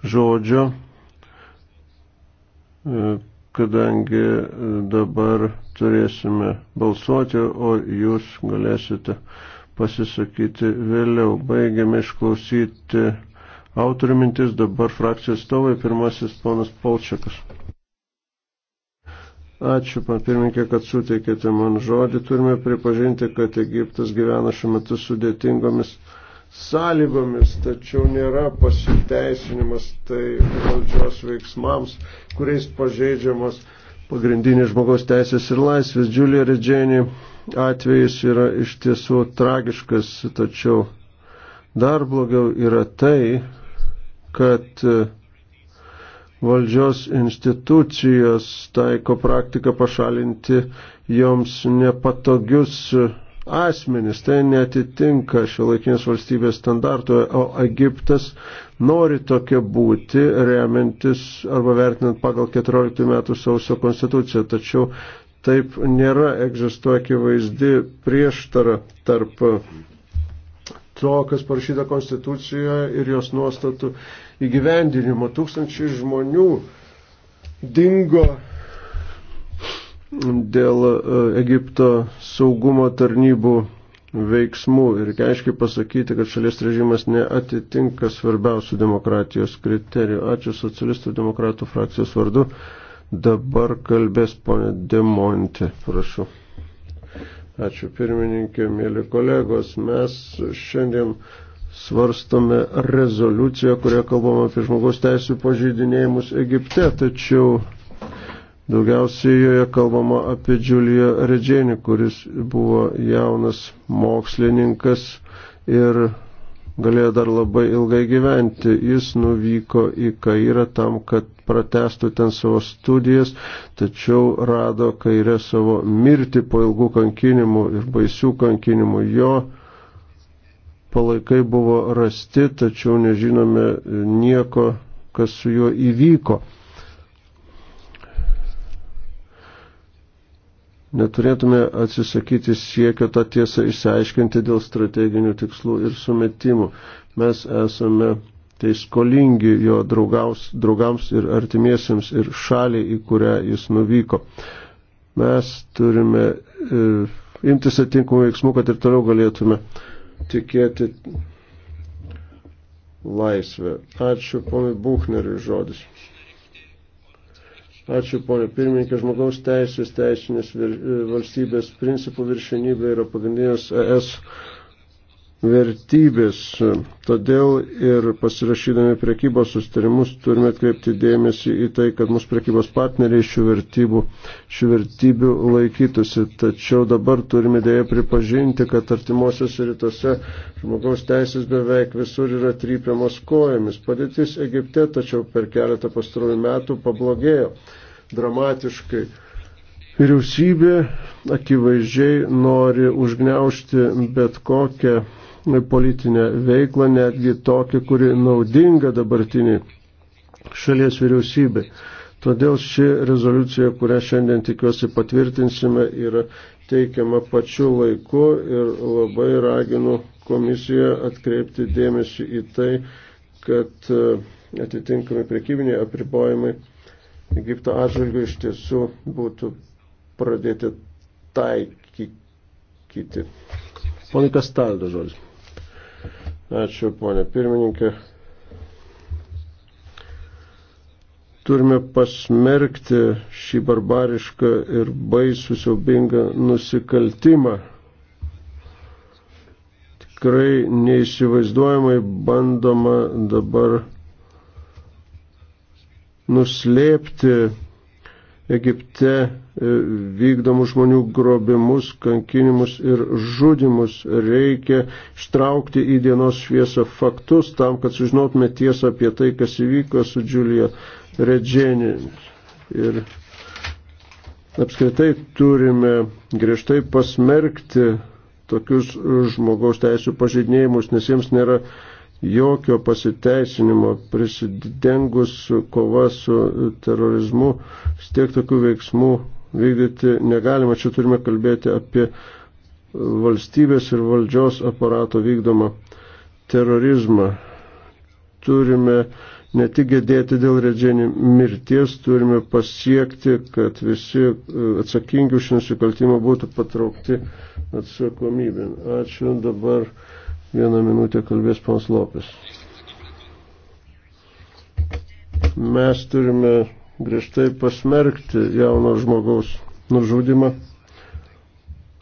žodžio, e, kadangi e, dabar turėsime balsuoti, o jūs galėsite pasisakyti vėliau. Baigiame išklausyti autorių mintis, dabar frakcijos stovai, pirmasis ponas Polčiakas. Ačiū, pan pirmininkė, kad suteikėte man žodį. Turime pripažinti, kad Egiptas gyvena šiuo metu sudėtingomis sąlygomis, tačiau nėra pasiteisinimas tai valdžios veiksmams, kuriais pažeidžiamos pagrindinės žmogaus teisės ir laisvės. Džiulija Redženi atvejis yra iš tiesų tragiškas, tačiau dar blogiau yra tai, kad valdžios institucijos taiko praktiką pašalinti joms nepatogius asmenis. Tai netitinka šiuolaikinės valstybės standarto, o Egiptas nori tokia būti, remiantis arba vertinant pagal 14 metų sausio konstituciją. Tačiau taip nėra, egzistuoja akivaizdi prieštara tarp to, kas parašyta Konstitucijoje ir jos nuostatų įgyvendinimo. Tūkstančiai žmonių dingo dėl e, Egipto saugumo tarnybų veiksmų ir aiškiai pasakyti, kad šalies režimas neatitinka svarbiausių demokratijos kriterijų. Ačiū socialistų demokratų frakcijos vardu. Dabar kalbės ponė Demonti, prašau. Ačiū pirmininkė, mėly kolegos. Mes šiandien svarstome rezoliuciją, kurioje kalbama apie žmogaus teisų pažeidinėjimus Egipte, tačiau daugiausiai joje kalbama apie Džiuliją Redženį, kuris buvo jaunas mokslininkas ir galėjo dar labai ilgai gyventi. Jis nuvyko į Kairą tam, kad pratestų ten savo studijas, tačiau rado Kairę savo mirtį po ilgų kankinimų ir baisių kankinimų. Jo palaikai buvo rasti, tačiau nežinome nieko, kas su juo įvyko. Neturėtume atsisakyti siekio tą tiesą išsiaiškinti dėl strateginių tikslų ir sumetimų. Mes esame tai skolingi jo draugaus, draugams ir artimiesiems ir šaliai, į kurią jis nuvyko. Mes turime e, imtis atinkamų veiksmų, kad ir toliau galėtume tikėti laisvę. Ačiū, ponai Buchneriui, žodis. Ačiū, ponė pirmininkė. Žmogaus teisės, teisinės e, valstybės principų viršenybė yra pagrindinės ES vertybės. Todėl ir pasirašydami prekybos sustarimus turime atkreipti dėmesį į tai, kad mūsų prekybos partneriai šių vertybių, šių vertybių laikytųsi. Tačiau dabar turime dėja pripažinti, kad artimuosiuose rytuose žmogaus teisės beveik visur yra trypiamos kojomis. Padėtis Egipte tačiau per keletą pastarųjų metų pablogėjo dramatiškai. Vyriausybė akivaizdžiai nori užgneušti bet kokią politinę veiklą, netgi tokią, kuri naudinga dabartiniai šalies vyriausybė. Todėl ši rezoliucija, kurią šiandien tikiuosi patvirtinsime, yra teikiama pačiu laiku ir labai raginu komisiją atkreipti dėmesį į tai, kad e, atitinkami prekybiniai apribojimai Egipto atžvilgių iš tiesų būtų pradėti taikyti. Ponikas Taldo žodžiu. Ačiū, ponė pirmininkė. Turime pasmerkti šį barbarišką ir baisų siaubingą nusikaltimą. Tikrai neįsivaizduojamai bandoma dabar nuslėpti Egipte E, vykdomus žmonių grobimus, kankinimus ir žudimus. Reikia ištraukti į dienos šviesą faktus tam, kad sužinotume tiesą apie tai, kas įvyko su Džiulija Redženė. Ir apskritai turime griežtai pasmerkti tokius žmogaus teisų pažeidinėjimus, nes jiems nėra jokio pasiteisinimo prisidengus kova su terorizmu, tiek tokių veiksmų vykdyti negalima. Čia turime kalbėti apie valstybės ir valdžios aparato vykdomą terorizmą. Turime ne tik gedėti dėl redženį mirties, turime pasiekti, kad visi e, atsakingi už nusikaltimą būtų patraukti atsakomybėn. Ačiū. Dabar vieną minutę kalbės pans Lopės. Mes turime griežtai pasmerkti jauno žmogaus nužudimą.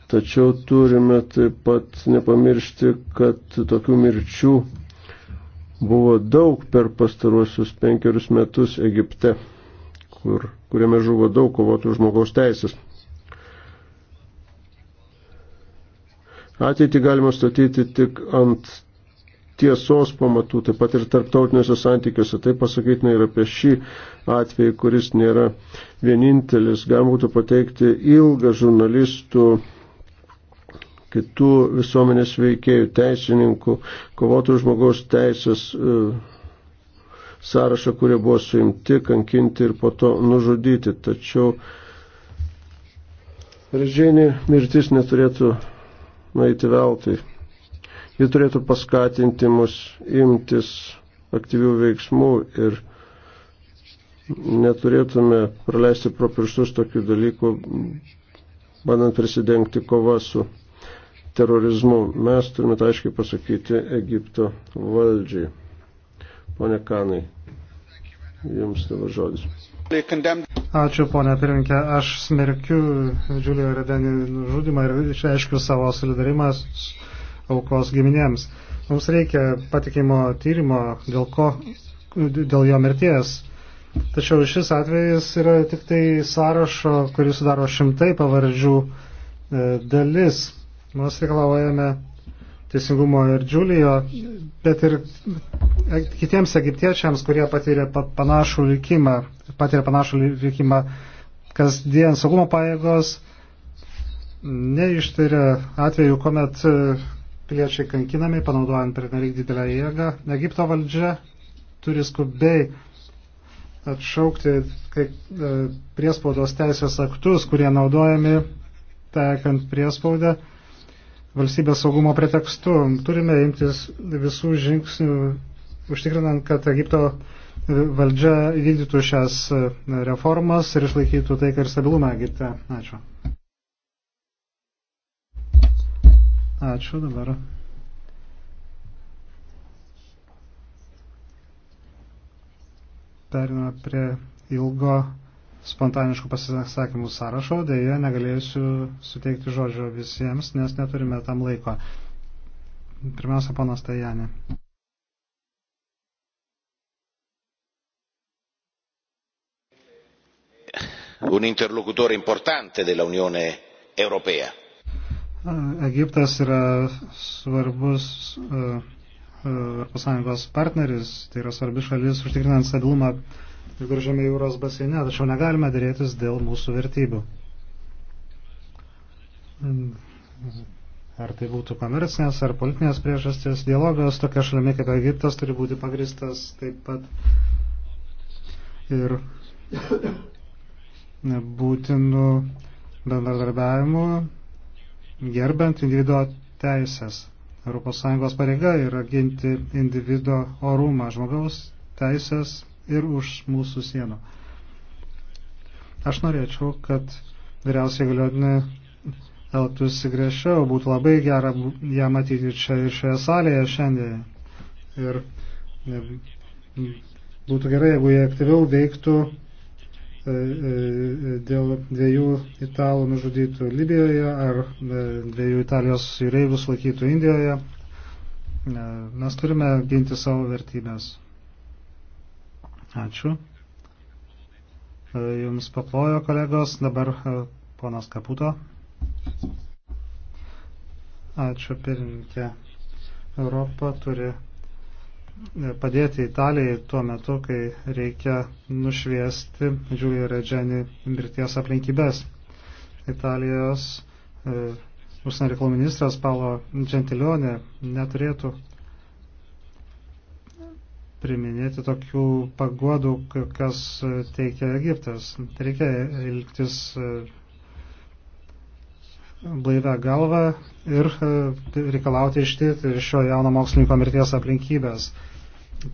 Tačiau turime taip pat nepamiršti, kad tokių mirčių buvo daug per pastaruosius penkerius metus Egipte, kur, kuriame žuvo daug kovotų žmogaus teisės. Ateitį galima statyti tik ant tiesos pamatų, taip pat ir tarptautiniuose santykiuose. Tai pasakytina ir apie šį atvejį, kuris nėra vienintelis. Galima būtų pateikti ilgą žurnalistų kitų visuomenės veikėjų, teisininkų, kovotų žmogaus teisės e, sąrašą, kurie buvo suimti, kankinti ir po to nužudyti. Tačiau Režinį mirtis neturėtų nueiti veltui. Ji turėtų paskatinti mus imtis aktyvių veiksmų ir neturėtume praleisti pro pirštus tokių dalykų, bandant prisidengti kovą su terorizmu. Mes turime tai aiškiai pasakyti Egipto valdžiai. Pone Kanai, jums dabar tai žodis. Ačiū, ponė pirminkė. Aš smerkiu Džiulio Redenį žudimą ir išreiškiu savo solidarimą aukos giminėms. Mums reikia patikimo tyrimo dėl, ko, dėl jo mirties. Tačiau šis atvejis yra tik tai sąrašo, kuris sudaro šimtai pavardžių e, dalis. Mes reikalaujame teisingumo ir Džiulio, bet ir kitiems egiptiečiams, kurie patyrė panašų likimą, patyrė panašų likimą kasdien saugumo pajėgos, neištyrė atveju, kuomet e, piliečiai kankinami, panaudojant pernelyg didelę jėgą. Egipto valdžia turi skubiai atšaukti kai, e, priespaudos teisės aktus, kurie naudojami tekant priespaudą valstybės saugumo pretekstu. Turime imtis visų žingsnių, užtikrinant, kad Egipto valdžia vykdytų šias e, reformas ir išlaikytų taiką ir stabilumą Egipte. Ačiū. Ačiū dabar. Periname prie ilgo spontaniškų pasisakymų sąrašo, dėja negalėsiu suteikti žodžio visiems, nes neturime tam laiko. Pirmiausia, panas Tajanė. Un interlocutore importante della Unione Europea. Egiptas yra svarbus ES partneris, tai yra svarbi šalis užtikrinant stabilumą viduržėmė jūros baseine, tačiau negalime dėrėtis dėl mūsų vertybių. Ar tai būtų komercinės ar politinės priežastys, dialogas tokia šalimi kaip Egiptas turi būti pagristas taip pat ir būtinų bendradarbiavimų gerbent individuo teisės. ES pareiga yra ginti individuo orumą, žmogaus teisės ir už mūsų sienų. Aš norėčiau, kad vyriausiai galiotinė elgtųsi griežčiau, būtų labai gera ją matyti čia ir šioje salėje šiandien. Ir e, būtų gerai, jeigu jie aktyviau veiktų E, e, dėl dviejų italų nužudytų Libijoje ar e, dviejų italijos jūreivių sulaikytų Indijoje. Mes turime ginti savo vertybės. Ačiū. Jums paplojo kolegos, dabar ponas Kaputo. Ačiū pirmininkė. Europa turi padėti Italijai tuo metu, kai reikia nušviesti Džiulio Redženį mirties aplinkybės. Italijos e, užsienio reikalų ministras Paulo Gentilionė neturėtų priminėti tokių paguodų, kas teikia Egiptas. Reikia elgtis e, blaivę galvą ir e, reikalauti ištirti šio jauno mokslininko mirties aplinkybės.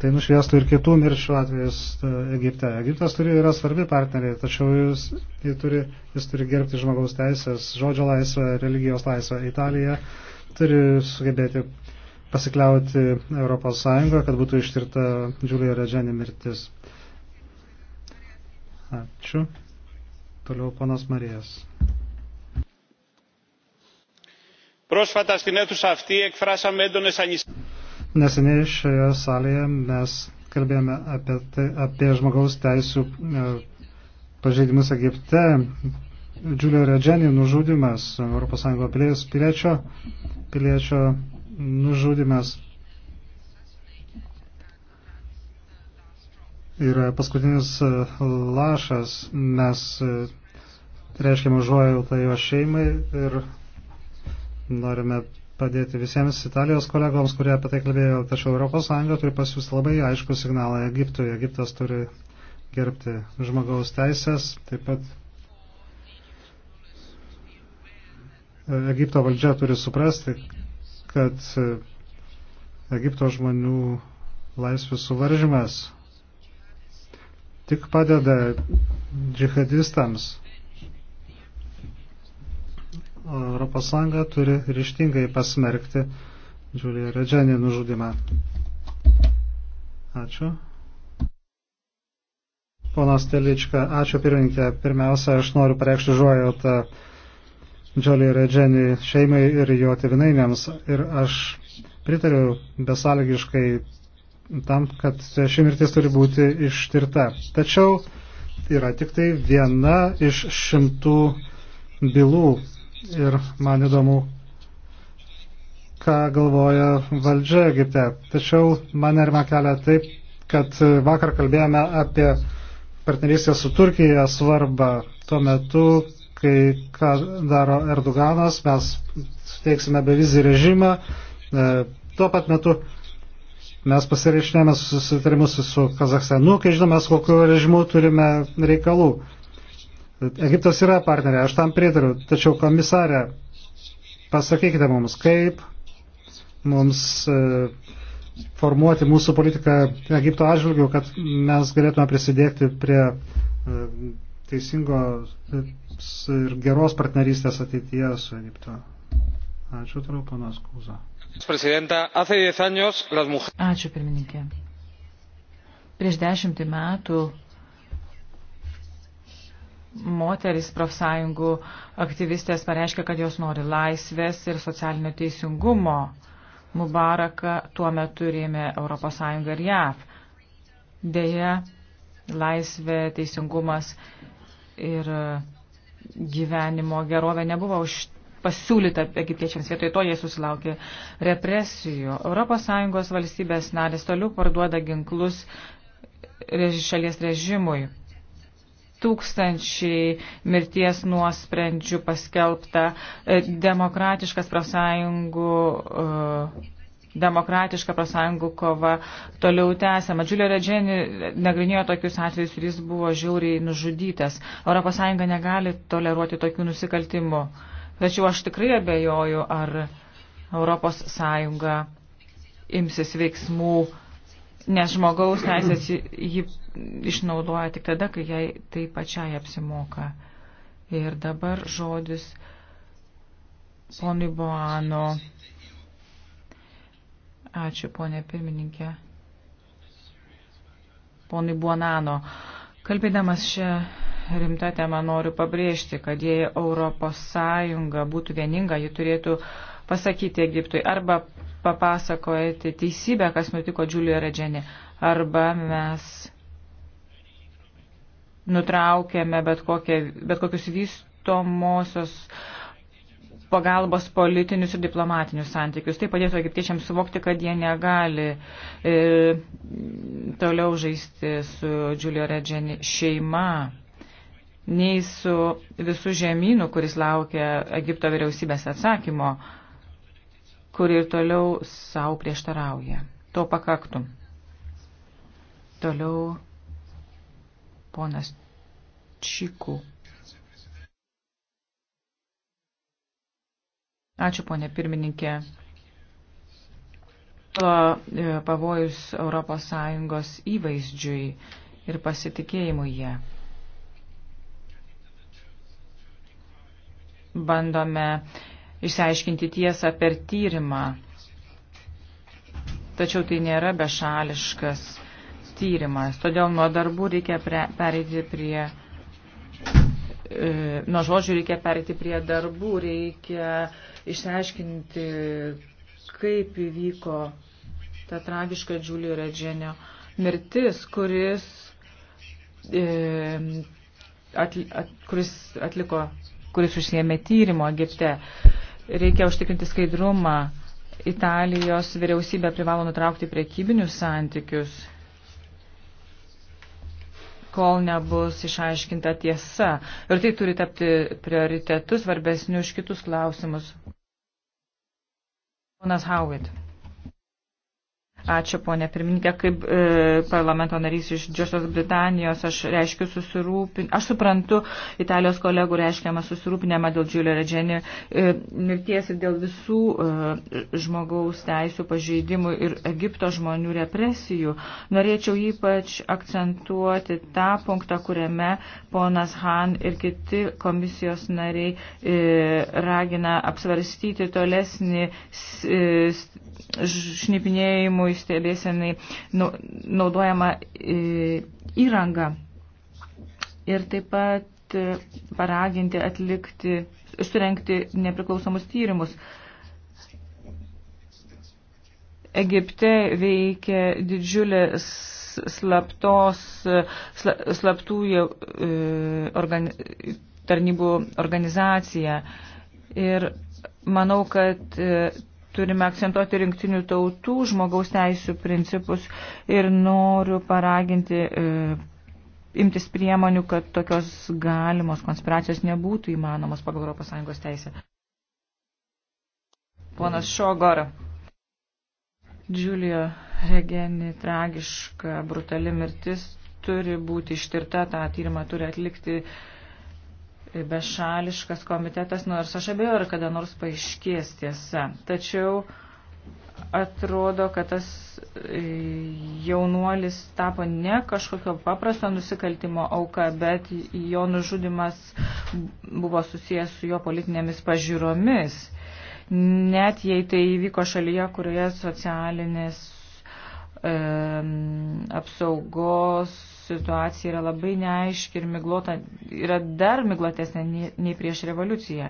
Tai nušviestų ir kitų mirčių atvejus e, Egipte. Egiptas turi, yra svarbi partneriai, tačiau jis, jis, turi, jis turi gerbti žmogaus teisės, žodžio laisvę, religijos laisvę. Italija turi sugebėti pasikliauti Europos Sąjungą, kad būtų ištirta Džiulio Redženė mirtis. Ačiū. Toliau ponas Marijas. Πρόσφατα στην αίθουσα αυτή εκφράσαμε έντονες ανησυχίες. Neseniai šioje salėje mes kalbėjome apie, tai, apie žmogaus teisų e, pažeidimus Egipte. Džiulio Redženį nužudimas, ES piliečio, piliečio nužudimas yra paskutinis e, lašas. Mes e, reiškiam užuojautą jo šeimai ir Norime padėti visiems Italijos kolegoms, kurie apie tai kalbėjo, tačiau ES turi pasiūsti labai aišku signalą Egiptui. Egiptas turi gerbti žmogaus teisės, taip pat e, Egipto valdžia turi suprasti, kad e, Egipto žmonių laisvių suvaržymas tik padeda džihadistams ES turi ryštingai pasmerkti Džiulija Redženį nužudimą. Ačiū. Ponas Telička, ačiū pirmininkė. Pirmiausia, aš noriu pareikšti žuojotą Džiulija Redženį šeimai ir jo tevinainiams. Ir aš pritariu besąlygiškai tam, kad ši mirtis turi būti ištirta. Tačiau yra tik tai viena iš šimtų bylų ir man įdomu, ką galvoja valdžia Egipte. Tačiau man nerima kelia taip, kad vakar kalbėjome apie partnerystę su Turkija svarbą tuo metu, kai ką daro Erdoganas, mes suteiksime bevizį režimą. E, tuo pat metu mes pasireišinėme susitarimus su Kazakstanu, kai žinome, su kokiu režimu turime reikalų. Egiptas yra partnerė, aš tam pritariu, tačiau komisarė, pasakykite mums, kaip mums e, formuoti mūsų politiką Egipto atžvilgių, kad mes galėtume prisidėti prie e, teisingos ir geros partnerystės ateityje su Egiptu. Ačiū, turiu panas Kūza. Ačiū, pirmininkė. Prieš dešimtį metų moteris profsąjungų aktyvistės pareiškė, kad jos nori laisvės ir socialinio teisingumo. Mubaraka tuo metu rėmė ES ir JAV. Deja, laisvė, teisingumas ir gyvenimo gerovė nebuvo už pasiūlyta egiptiečiams. Vietoj to jie susilaukė represijų. ES valstybės narės toliau parduoda ginklus šalies režimui tūkstančiai mirties nuosprendžių paskelbta, e, demokratiškas profsąjungų. Uh, demokratiška profsąjungų kova toliau tęsiama. Džiulio Redženi nagrinėjo tokius atvejus ir jis buvo žiauriai nužudytas. ES negali toleruoti tokių nusikaltimų. Tačiau aš tikrai abejoju, ar ES imsis veiksmų nes žmogaus teisės jį išnaudoja tik tada, kai jai tai pačiai apsimoka. Ir dabar žodis ponui Boano. Ačiū, ponė pirmininkė. Ponui Buonano. Kalbėdamas šią rimtą temą noriu pabrėžti, kad jei Europos Sąjunga būtų vieninga, ji turėtų pasakyti Egiptui arba papasakojate teisybę, kas nutiko Džiulio Redženė, arba mes nutraukėme bet, kokie, bet kokius vystomosios pagalbos politinius ir diplomatinius santykius. Tai padėtų egiptiečiams suvokti, kad jie negali e, toliau žaisti su Džiulio Redženi šeima, nei su visų žemynų, kuris laukia Egipto vyriausybės atsakymo. E, kuri ir toliau savo prieštarauja. To pakaktų. Toliau ponas Čikų. Ačiū, ponė pirmininkė. E, pavojus ES įvaizdžiui ir pasitikėjimui jie. Bandome išsiaiškinti tiesą per tyrimą. Tačiau tai nėra bešališkas tyrimas. Todėl nuo darbų reikia pre, pereiti prie, e, nuo žodžių reikia pereiti prie darbų, reikia išsiaiškinti, kaip įvyko ta tragiška Džiulio Redženio mirtis, kuris, e, atli, at, kuris atliko, kuris užsiemė tyrimo Egipte. E, Reikia užtikrinti skaidrumą. Italijos vyriausybė privalo nutraukti prekybinius santykius, kol nebus išaiškinta tiesa. Ir tai turi tapti prioritetu svarbesniu už kitus klausimus. Ponas Howitt. Ačiū, ponė pirmininkė. Kaip e, parlamento narys iš Džiosios Britanijos, aš reiškiu susirūpinimą. Aš suprantu Italijos kolegų reiškiamą susirūpinimą dėl Džiulio Redženį e, mirties ir dėl visų e, žmogaus teisų pažeidimų ir Egipto žmonių represijų. Norėčiau ypač akcentuoti tą punktą, kuriame ponas Han ir kiti komisijos nariai e, ragina apsvarstyti tolesnį. E, šnipinėjimui stebėsenai nu, naudojama e, įranga. Ir taip pat e, paraginti atlikti, surenkti nepriklausomus tyrimus. Egipte veikia didžiulis slaptos, sla, slaptų e, organi, tarnybų organizacija. Ir manau, kad turime akcentuoti rinktinių tautų žmogaus teisų principus ir noriu paraginti e, imtis priemonių, kad tokios galimos konspiracijos nebūtų įmanomos pagal ES teisę. Ponas Šogor. Džiulio Regeni tragiška, brutali mirtis turi būti ištirta, tą tyrimą turi atlikti uh, bešališkas komitetas, nors aš abejoju, ar kada nors paaiškės tiesa. Tačiau atrodo, kad tas e, jaunuolis tapo ne kažkokio paprasto nusikaltimo auka, bet jo nužudimas buvo susijęs su jo politinėmis pažiūromis. Net jei tai įvyko šalyje, kurioje socialinės e, apsaugos situacija yra labai neaiški ir miglota, yra dar miglotesnė nei prieš revoliuciją.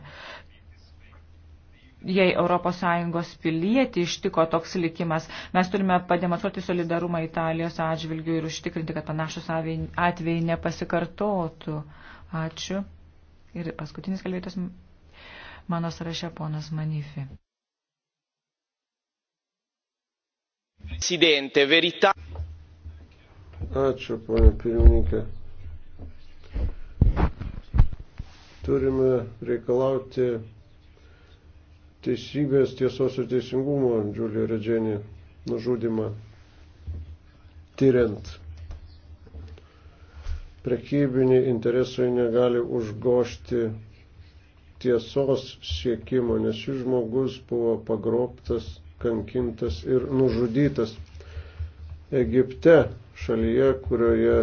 Jei ES pilietį ištiko toks likimas, mes turime pademonstruoti solidarumą Italijos atžvilgių ir užtikrinti, kad panašus atvejai nepasikartotų. Ačiū. Ir paskutinis kalbėtas mano sąraše ponas Manifi. Presidente, verità. Ačiū, ponė pirmininkė. Turime reikalauti teisybės, tiesos ir teisingumo Džiulio Redženį nužudimą tyriant. Prekybiniai interesai negali užgošti tiesos siekimo, nes šis žmogus buvo pagroptas, kankintas ir nužudytas Egipte šalyje, kurioje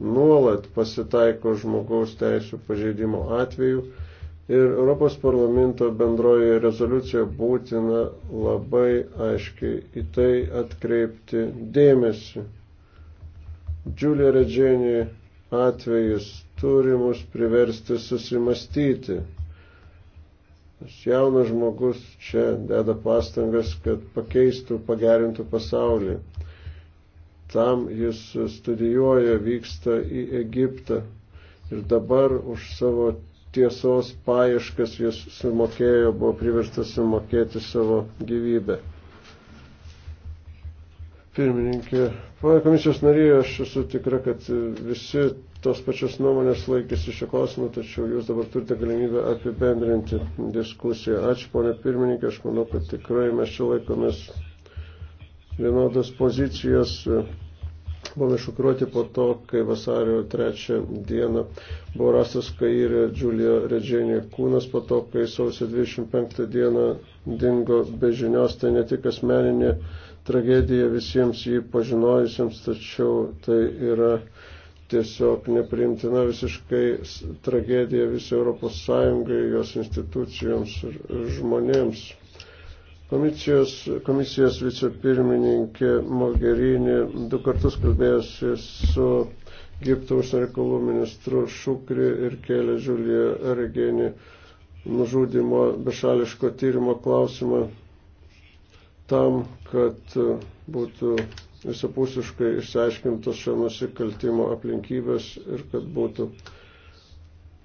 nuolat pasitaiko žmogaus teisų pažeidimo atveju. Ir Europos parlamento bendroje rezoliucijoje būtina labai aiškiai į tai atkreipti dėmesį. Džiulio Redženį atvejis turi mus priversti susimastyti. Nes jaunas žmogus čia deda pastangas, kad pakeistų, pagerintų pasaulį tam jis studijuoja, vyksta į Egiptą. Ir dabar už savo tiesos paieškas jis sumokėjo, buvo priverstas sumokėti savo gyvybę. Pirmininkė, pana komisijos narė, aš esu tikra, kad visi tos pačios nuomonės laikėsi šio klausimo, tačiau jūs dabar turite galimybę apibendrinti diskusiją. Ačiū, ponė pirmininkė, aš manau, kad tikrai mes čia laikomės vienodos pozicijos. E, buvome šokiruoti po to, kai vasario trečią dieną buvo rastas Kairė Džiulio Redženė kūnas, po to, kai sausio 25 dieną dingo be žinios, tai ne tik asmeninė tragedija visiems jį pažinojusiems, tačiau tai yra tiesiog nepriimtina visiškai tragedija visai Europos Sąjungai, jos institucijoms ir žmonėms. Komisijos, komisijos vicepirmininkė Mogherini du kartus kalbėjosi su Egipto užsienio reikalų ministru Šukri ir kėlė Žiulija Regenį nužudimo bešališko tyrimo klausimą tam, kad būtų visapusiškai išsiaiškintos šio nusikaltimo aplinkybės ir kad būtų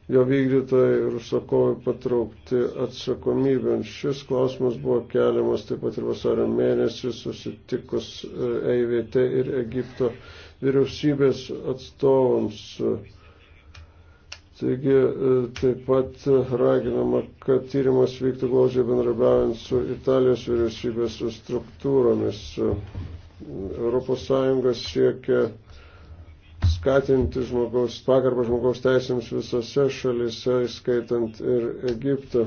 jo vykdytojai ir užsakovai patraukti atsakomybėn. Šis klausimas buvo keliamas taip pat ir vasario mėnesį susitikus EIVT ir Egipto vyriausybės atstovams. Taigi e, taip pat raginama, kad tyrimas vyktų glaudžiai bendrabiaujant su Italijos vyriausybės struktūromis. ES siekia skatinti žmogaus, pagarbą žmogaus teisėms visose šalise, skaitant ir Egiptą.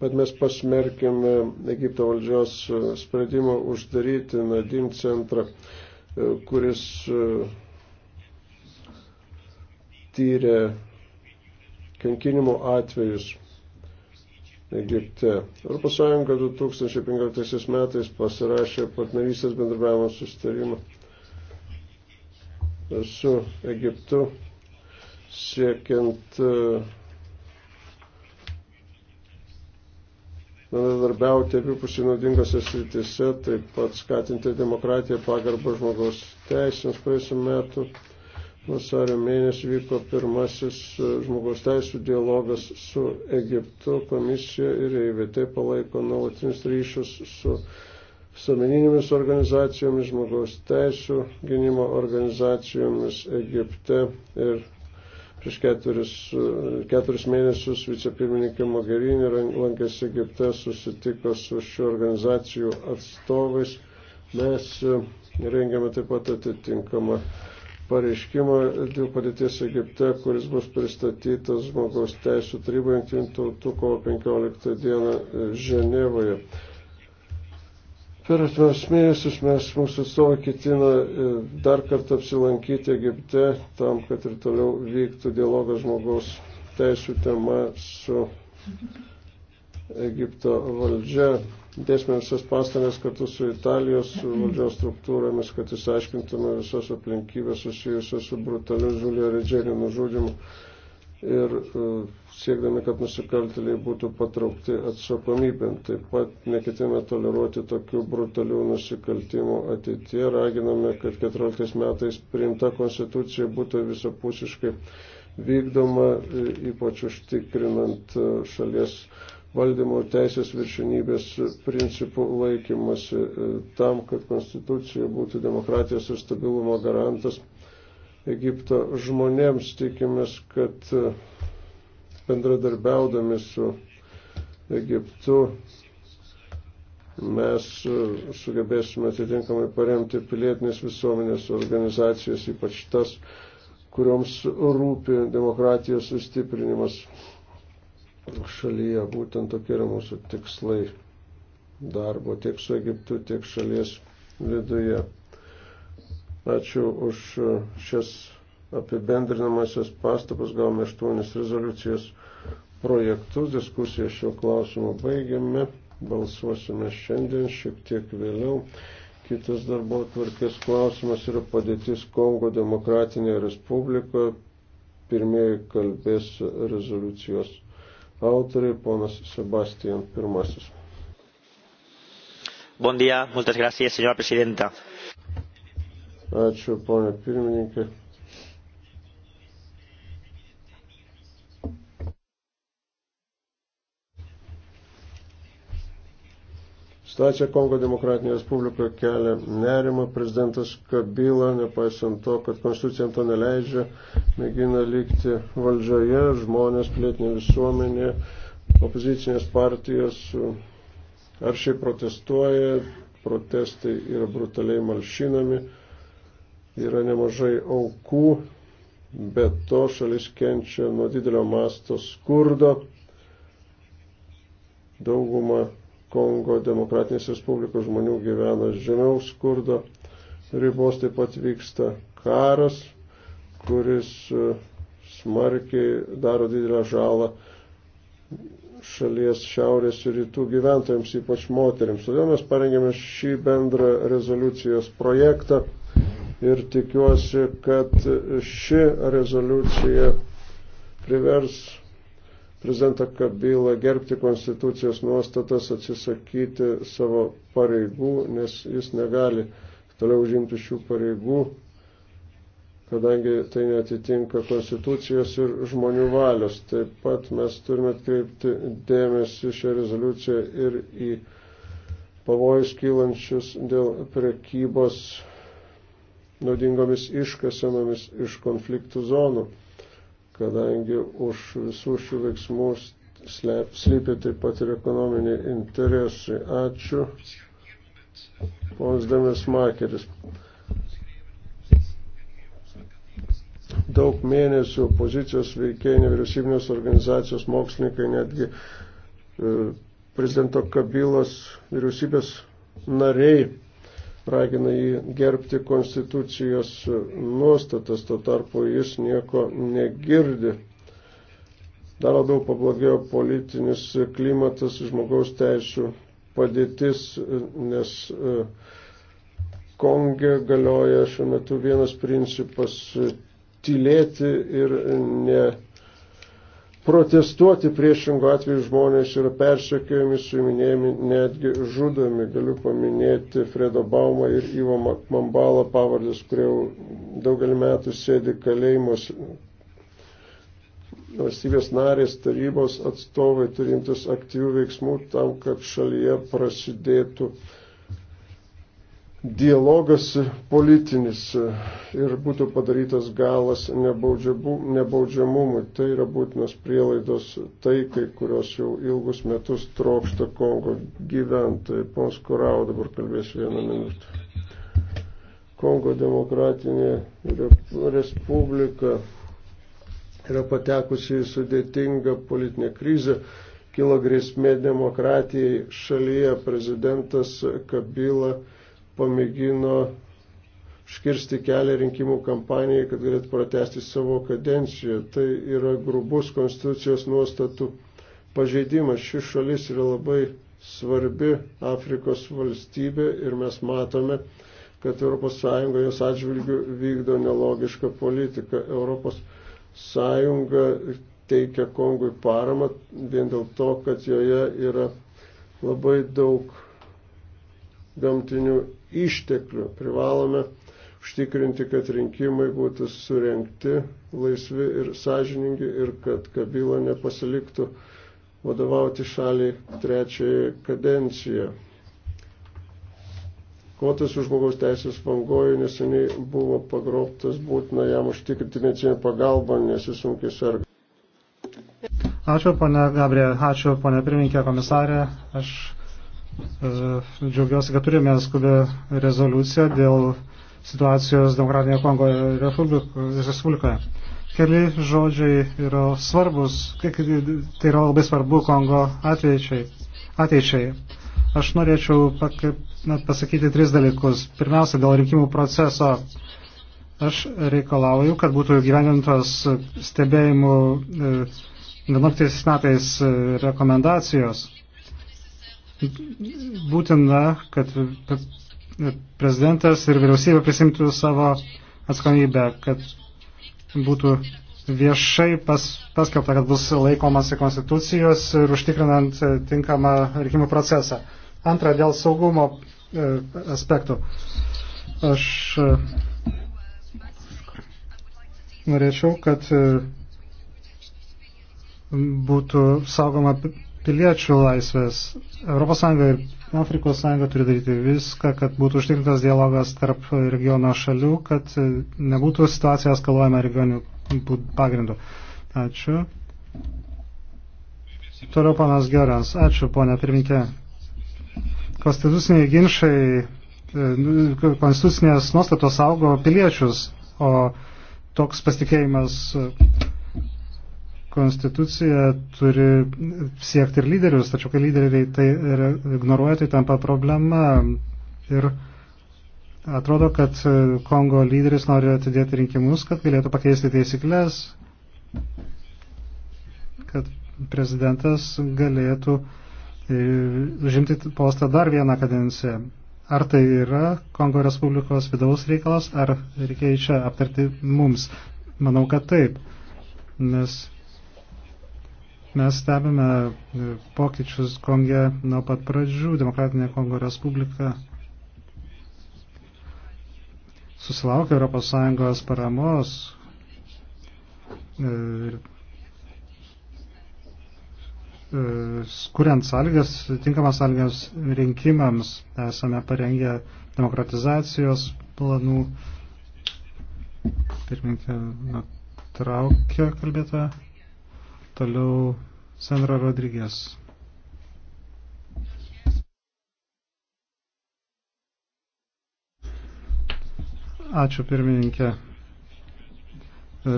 Bet mes pasmerkėme Egipto valdžios sprendimą uždaryti Nadim centrą, kuris e, tyrė kankinimo atvejus. Egipte. Europos Sąjunga 2015 metais pasirašė partnerystės bendradarbiavimo sustarimą su Egiptu siekiant e, bendradarbiauti abipusiai naudingose sritise, taip pat skatinti demokratiją, pagarbą žmogaus teisėms praėjusiu metu. Vasario mėnesį vyko pirmasis e, žmogaus teisų dialogas su Egiptu. Komisija ir EIVT palaiko nuolatinius ryšius su visuomeninėmis organizacijomis, žmogaus teisų gynimo organizacijomis Egipte. Ir prieš keturis, e, keturis mėnesius vicepirmininkė Mogherini lankėsi Egipte, susitiko su šių organizacijų atstovais. Mes e, rengiame taip pat atitinkamą pareiškimą dėl padėties Egipte, kuris bus pristatytas žmogaus teisų tarybai jungtinių tautų kovo 15 dieną e, Ženevoje. Per atmes mėnesius mes mūsų atstovai ketina e, dar kartą apsilankyti Egipte tam, kad ir toliau vyktų dialogas žmogaus teisų tema su Egipto valdžia. Dėsime visas pastangas kartu su Italijos valdžios struktūromis, kad išsiaiškintume visas aplinkybės susijusios su brutaliu Žulio Redželio nužudimu ir e, siekdami, kad nusikaltėliai būtų patraukti atsakomybėn. Taip pat neketime toleruoti tokių brutalių nusikaltimų ateitie. Raginame, kad 14 metais priimta konstitucija būtų visapusiškai vykdoma, e, ypač užtikrinant e, šalies valdymo teisės viršinybės principų laikymasi e, tam, kad konstitucija būtų demokratijos ir stabilumo garantas Egipto žmonėms. Tikimės, kad e, bendradarbiaudami su Egiptu mes e, sugebėsime atitinkamai paremti pilietinės visuomenės organizacijas, ypač tas, kurioms rūpi demokratijos sustiprinimas šalyje. Būtent tokie yra mūsų tikslai darbo tiek su Egiptu, tiek šalies viduje. Ačiū už šias apibendrinamasias pastabas. Gavome aštuonis rezoliucijos projektus. Diskusiją šio klausimo baigiame. Balsuosime šiandien, šiek tiek vėliau. Kitas darbo tvarkės klausimas yra padėtis Kongo demokratinėje respublikoje. Pirmieji kalbės rezoliucijos autoriai, ponas Sebastian pirmasis. Bon dia, muchas gracias, señora presidenta. Ačiū, ponė pirmininkė. Situacija Kongo Demokratinėje Respublikoje kelia nerimą. Prezidentas Kabila, nepaisant to, kad konstitucija to neleidžia, mėgina likti valdžioje, žmonės, plėtinė visuomenė, opozicinės partijos uh, aršiai protestuoja, protestai yra brutaliai malšinami, yra nemažai aukų, bet to šalis kenčia nuo didelio masto skurdo. Dauguma Kongo Demokratinės Respublikos žmonių gyvena žemiau skurdo ribos, taip pat vyksta karas, kuris e, smarkiai daro didelę žalą šalies šiaurės ir rytų gyventojams, ypač moteriams. Todėl mes parengėme šį bendrą rezoliucijos projektą ir tikiuosi, kad ši rezoliucija privers prezidentą Kabilą gerbti konstitucijos nuostatas, atsisakyti savo pareigų, nes jis negali toliau užimti šių pareigų, kadangi tai netitinka konstitucijos ir žmonių valios. Taip pat mes turime atkreipti dėmesį šią rezoliuciją ir į pavojus kylančius dėl prekybos naudingomis iškasenomis iš konfliktų zonų kadangi už visų šių veiksmų slypi taip pat ir ekonominiai interesai. Ačiū. Ponas Demis Makeris. Daug mėnesių pozicijos veikėjai, nevyriausybinės organizacijos, mokslininkai, netgi e, prezidento Kabilos vyriausybės nariai ragina jį gerbti konstitucijos nuostatas, to tarpu jis nieko negirdi. Dar labiau pablogėjo politinis klimatas, žmogaus teisų padėtis, nes e, Konge galioja šiuo metu vienas principas tylėti ir ne protestuoti priešingų atveju žmonės yra persekiojami, suiminėjami, netgi žudomi. Galiu paminėti Fredo Baumą ir Ivo Mambalą pavardės, kurie jau daugelį metų sėdi kalėjimus. Valstybės narės tarybos atstovai turintis aktyvių veiksmų tam, kad šalyje prasidėtų uh, dialogas politinis ir būtų padarytas galas nebaudžiamumui. Tai yra būtinos prielaidos taikai, kurios jau ilgus metus trokšta Kongo gyventojai. Pons Kurau dabar kalbės vieną minutę. Kongo demokratinė respublika yra patekusi į sudėtingą politinę krizę kilo grėsmė demokratijai šalyje. Prezidentas Kabila pamėgino škirsti kelią rinkimų kampanijai, kad galėtų pratesti savo kadenciją. Tai yra grubus konstitucijos nuostatų pažeidimas. Ši šalis yra labai svarbi Afrikos valstybė ir mes matome, kad ES jos atžvilgių vykdo nelogišką politiką. ES teikia Kongui paramą vien dėl to, kad joje yra labai daug gamtinių išteklių. Privalome užtikrinti, kad rinkimai būtų surenkti laisvi ir sąžiningi ir kad Kabila nepasiliktų vadovauti šaliai trečiąją kadenciją. Kotas už žmogaus teisės vangojo neseniai buvo pagrobtas, būtina jam užtikrinti medicinę pagalbą, nes jis sunkiai serga. Ačiū, ponia Gabriel, ačiū, ponia pirminkė komisarė. Aš E, džiaugiuosi, kad turime skubę rezoliuciją dėl situacijos Demokratinėje Kongo Respublikoje. Keli žodžiai yra svarbus, tai yra labai svarbu Kongo ateičiai. ateičiai. Aš norėčiau pasakyti tris dalykus. Pirmiausia, dėl rinkimų proceso. Aš reikalauju, kad būtų gyvenintos stebėjimų 11 e, metais e, rekomendacijos būtina, kad prezidentas ir vyriausybė prisimtų savo atsakomybę, kad būtų viešai pas, paskelbta, kad bus laikomasi konstitucijos ir užtikrinant tinkamą rinkimų procesą. Antra, dėl saugumo e, aspektų. Aš e, norėčiau, kad e, būtų saugoma piliečių laisvės. ES ir Afrikos sąjunga turi daryti viską, kad būtų užtikrintas dialogas tarp regiono šalių, kad nebūtų situacija eskaluojama regionių pagrindų. Ačiū. Toliau panas Gerans. Ačiū, ponia pirminkė. Konstituciniai ginčiai, e, konstitucinės nuostatos saugo piliečius, o toks pasitikėjimas konstitucija turi siekti ir lyderius, tačiau kai lyderiai tai ignoruoja, tai tampa problema. Ir atrodo, kad Kongo lyderis nori atidėti rinkimus, kad galėtų pakeisti teisiklės, kad prezidentas galėtų e, užimti postą dar vieną kadenciją. Ar tai yra Kongo Respublikos vidaus reikalas, ar reikia čia aptarti mums? Manau, kad taip. Nes Mes stebime e, pokyčius Konge nuo pat pradžių. Demokratinė Kongo Respublika susilaukia ES paramos. E, ir e, kuriant sąlygas, tinkamas sąlygas rinkimams, esame parengę demokratizacijos planų. Pirminkė, nutraukė kalbėtoją. Toliau Sandra Rodrygės. Ačiū pirmininkė.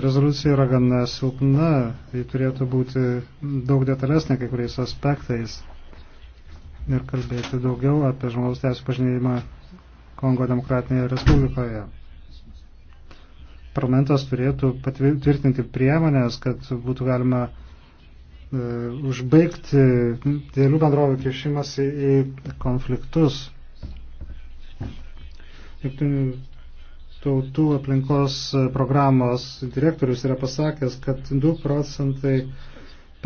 Rezoliucija yra gana silpna, ji turėtų būti daug detalesnė kai kuriais aspektais ir kalbėti daugiau apie žmogaus teisų pažinėjimą Kongo demokratinėje respublikoje. Parlamentas turėtų patvirtinti priemonės, kad būtų galima uh, E, užbaigti dėlių bendrovių kišimas į konfliktus. Jungtinių tautų aplinkos programos direktorius yra pasakęs, kad 2 procentai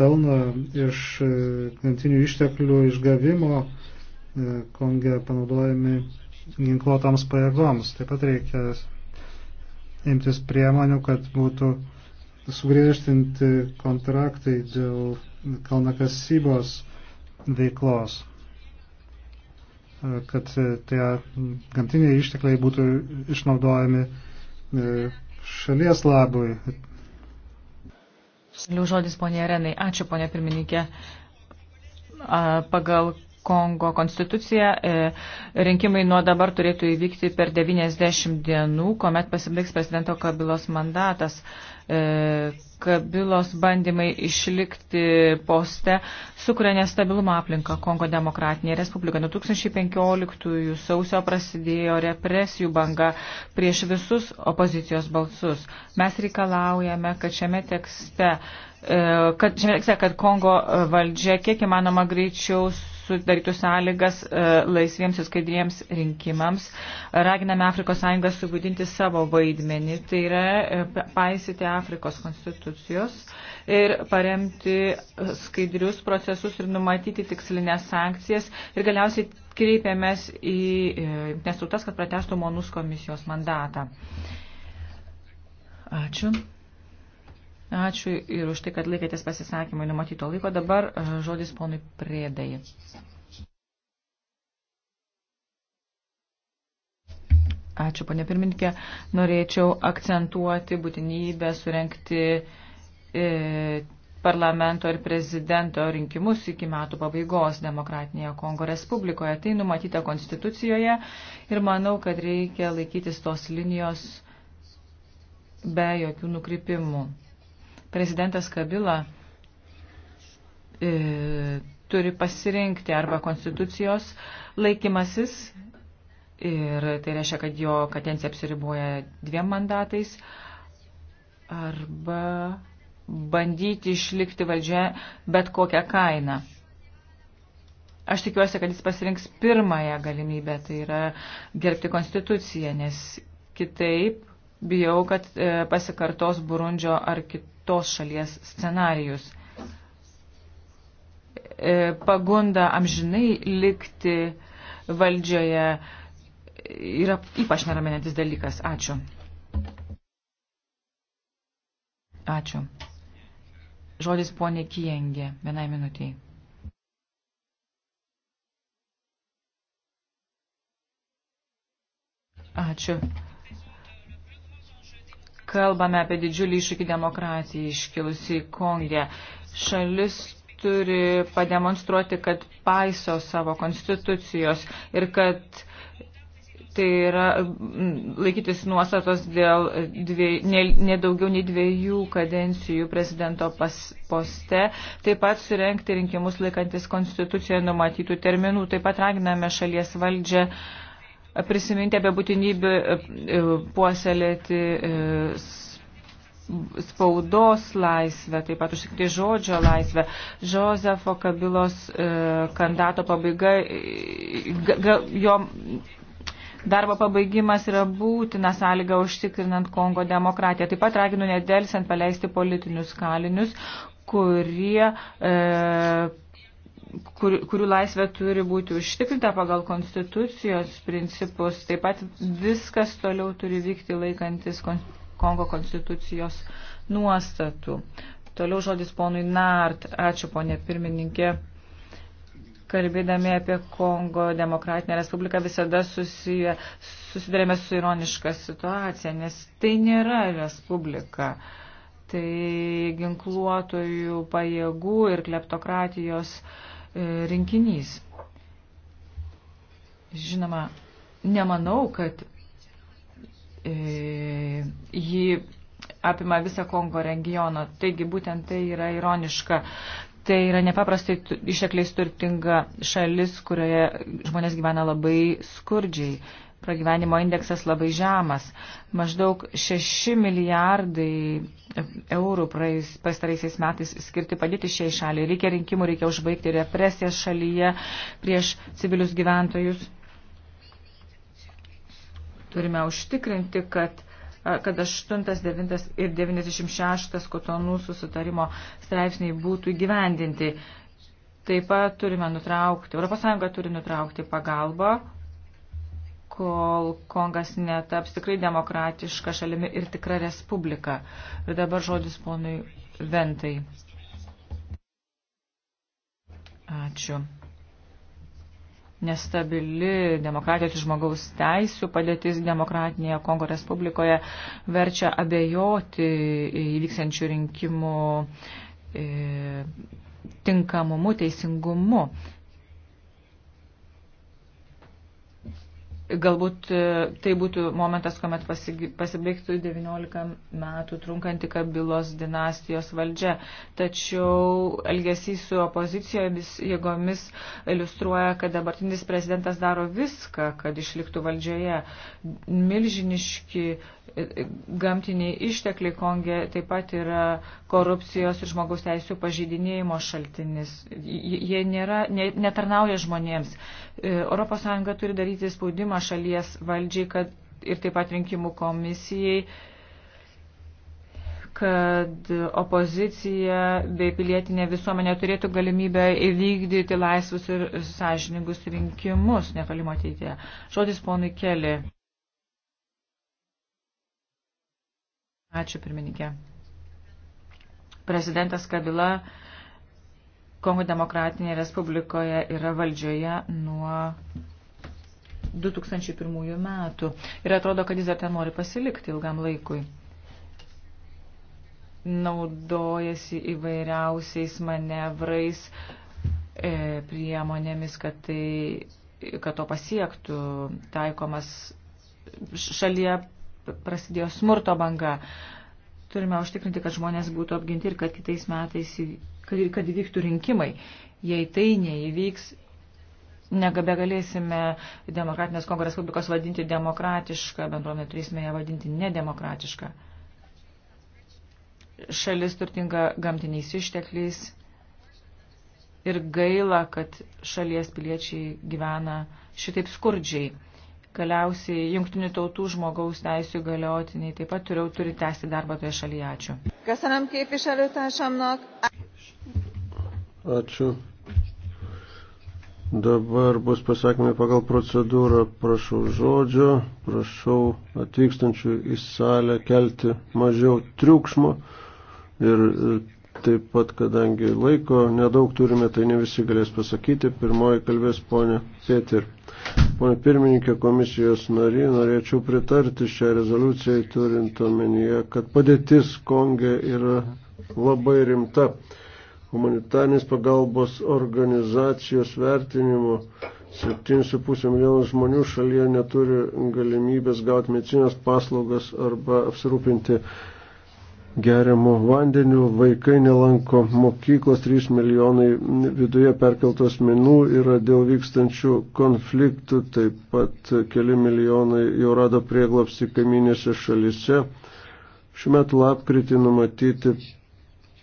pelno iš e, gamtinių išteklių išgavimo e, Konge panaudojami ginkluotams pajėgoms. Taip pat reikia imtis priemonių, kad būtų uh, sugriežtinti kontraktai dėl kalnakasybos veiklos, kad tie gamtiniai ištekliai būtų išnaudojami e, šalies labui. Liau žodis ponė Renai. Ačiū ponė pirmininkė. Pagal Kongo konstituciją e, rinkimai nuo dabar turėtų įvykti per 90 dienų, kuomet pasibaigs prezidento Kabilos mandatas. E, Kabilos bandymai išlikti poste sukuria nestabilumą aplinką Kongo demokratinė respublika. 2015 sausio prasidėjo represijų banga prieš visus opozicijos balsus. Mes reikalaujame, kad šiame tekste, e, kad, šiame tekste, kad Kongo valdžia kiek įmanoma greičiaus sudarytų sąlygas e, laisviems ir skaidriems rinkimams. Raginame Afrikos Sąjungą subūdinti savo vaidmenį, tai yra e, paisyti Afrikos konstitucijos ir paremti skaidrius procesus ir numatyti tikslinės sankcijas ir galiausiai kreipėmės į e, nesutas, kad pratestų Monus komisijos mandatą. Ačiū. Ačiū ir už tai, kad laikėtės pasisakymui numatyto laiko. Dabar e, žodis ponui Priedai. Ačiū, ponė pirmininkė. Norėčiau akcentuoti būtinybę surenkti e, parlamento ir prezidento rinkimus iki metų pabaigos Demokratinėje Kongo Respublikoje. Tai numatyta konstitucijoje ir manau, kad reikia laikytis tos linijos be jokių nukrypimų prezidentas Kabila e, turi pasirinkti arba konstitucijos laikymasis ir tai reiškia, kad jo kadencija apsiriboja dviem mandatais arba bandyti išlikti valdžia bet kokią kainą. Aš tikiuosi, kad jis pasirinks pirmąją galimybę, tai yra gerbti konstituciją, nes kitaip bijau, kad e, pasikartos Burundžio ar kitų tos šalies scenarius. E, pagunda amžinai likti valdžioje yra ypač neraminantis dalykas. Ačiū. Ačiū. Žodis ponė Kijengė, vienai minutiai. Ačiū kalbame apie didžiulį iššūkį demokratijai iškilusi Kongė. Šalis turi pademonstruoti, kad paiso savo konstitucijos ir kad tai yra laikytis nuostatos dėl dviej, ne, ne daugiau nei dviejų kadencijų prezidento pas, poste, taip pat surenkti rinkimus laikantis konstitucijoje numatytų terminų, taip pat raginame šalies valdžią uh, prisiminti apie būtinybę e, e, puoselėti e, spaudos laisvę, taip pat užtikti žodžio laisvę. Žozefo Kabilos kandato pabaiga, jo darbo pabaigimas yra būtina sąlyga užtikrinant Kongo demokratiją. Taip pat raginu nedelsiant paleisti politinius kalinius, kurie e, kur, kurių laisvė turi būti užtikrinta pagal konstitucijos principus. Taip pat viskas toliau turi vykti laikantis kon, Kongo konstitucijos nuostatų. Toliau žodis ponui Nart. Ačiū, ponė pirmininkė. Kalbėdami apie Kongo demokratinę respubliką visada susiję, susidarėme su ironiška situacija, nes tai nėra respublika. Tai ginkluotojų pajėgų ir kleptokratijos uh, E, rinkinys. Žinoma, nemanau, kad e, jį apima visą Kongo regioną. Taigi būtent tai yra ironiška. Tai yra nepaprastai ištekliais turtinga šalis, kurioje žmonės gyvena labai skurdžiai pragyvenimo indeksas labai žemas. Maždaug 6 milijardai eurų praeis, pastaraisiais metais skirti padėti šiai šaliai. Reikia rinkimų, reikia užbaigti represijas šalyje prieš civilius gyventojus. Turime užtikrinti, kad kad 8, 9 ir 96 kotonų susitarimo straipsniai būtų įgyvendinti. Taip pat turime nutraukti, ES turi nutraukti pagalbą kol Kongas netaps tikrai demokratiška šalimi ir tikra respublika. Ir dabar žodis ponui Ventai. Ačiū. Nestabili demokratijos ir žmogaus teisų padėtis demokratinėje Kongo Respublikoje verčia abejoti įvyksiančių rinkimų e, tinkamumu, teisingumu. Galbūt e, tai būtų momentas, kuomet pasibaigtų 19 metų trunkanti kabilos dinastijos valdžia. Tačiau elgesys su opozicijomis jėgomis iliustruoja, kad dabartinis prezidentas daro viską, kad išliktų valdžioje. Milžiniški e, e, gamtiniai ištekliai Kongė taip pat yra korupcijos ir žmogaus teisų pažydinėjimo šaltinis. Jie nėra, ne, netarnauja žmonėms. ES turi daryti spaudimą šalies valdžiai kad, ir taip pat rinkimų komisijai, kad opozicija bei pilietinė visuomenė turėtų galimybę įvykdyti laisvus ir sąžiningus rinkimus netolimo ateityje. Žodis ponui Keli. Ačiū pirmininkė. Prezidentas Kabila Kongo demokratinėje Respublikoje yra valdžioje nuo 2001 metų. Ir atrodo, kad jis dar ten nori pasilikti ilgam laikui. Naudojasi įvairiausiais manevrais, e, priemonėmis, kad, tai, kad to pasiektų taikomas šalyje prasidėjo smurto banga. Turime užtikrinti, kad žmonės būtų apginti ir kad kitais metais kad, kad įvyktų rinkimai. Jei tai neįvyks, nebegalėsime Demokratinės Kongo Respublikos vadinti demokratišką, bendruomenė turėsime ją vadinti nedemokratišką. Šalis turtinga gamtiniais ištekliais ir gaila, kad šalies piliečiai gyvena šitaip skurdžiai. Galiausiai jungtinių tautų žmogaus teisų galiotiniai taip pat turiu, turi tęsti darbą toje šalyje. Ačiū. Köszönöm képviselőtársamnak. Ačiū. Dabar bus pasakymai pagal procedūrą. Prašau žodžio, prašau atvykstančių į salę kelti mažiau triukšmo ir e, taip pat, kadangi laiko nedaug turime, tai ne visi galės pasakyti. Pirmoji kalbės ponė Peter. Pone pirmininkė komisijos nariai, norėčiau pritarti šią rezoliuciją, turint omenyje, kad padėtis Konge yra labai rimta. Humanitarnės pagalbos organizacijos vertinimo 7,5 milijonų žmonių šalyje neturi galimybės gauti medicinės paslaugas arba apsirūpinti geriamo vandeniu, vaikai nelanko mokyklos, 3 milijonai viduje perkeltos minų yra dėl vykstančių konfliktų, taip pat keli milijonai jau rado prieglapsi kaiminėse šalise. Šiuo metu lapkritį numatyti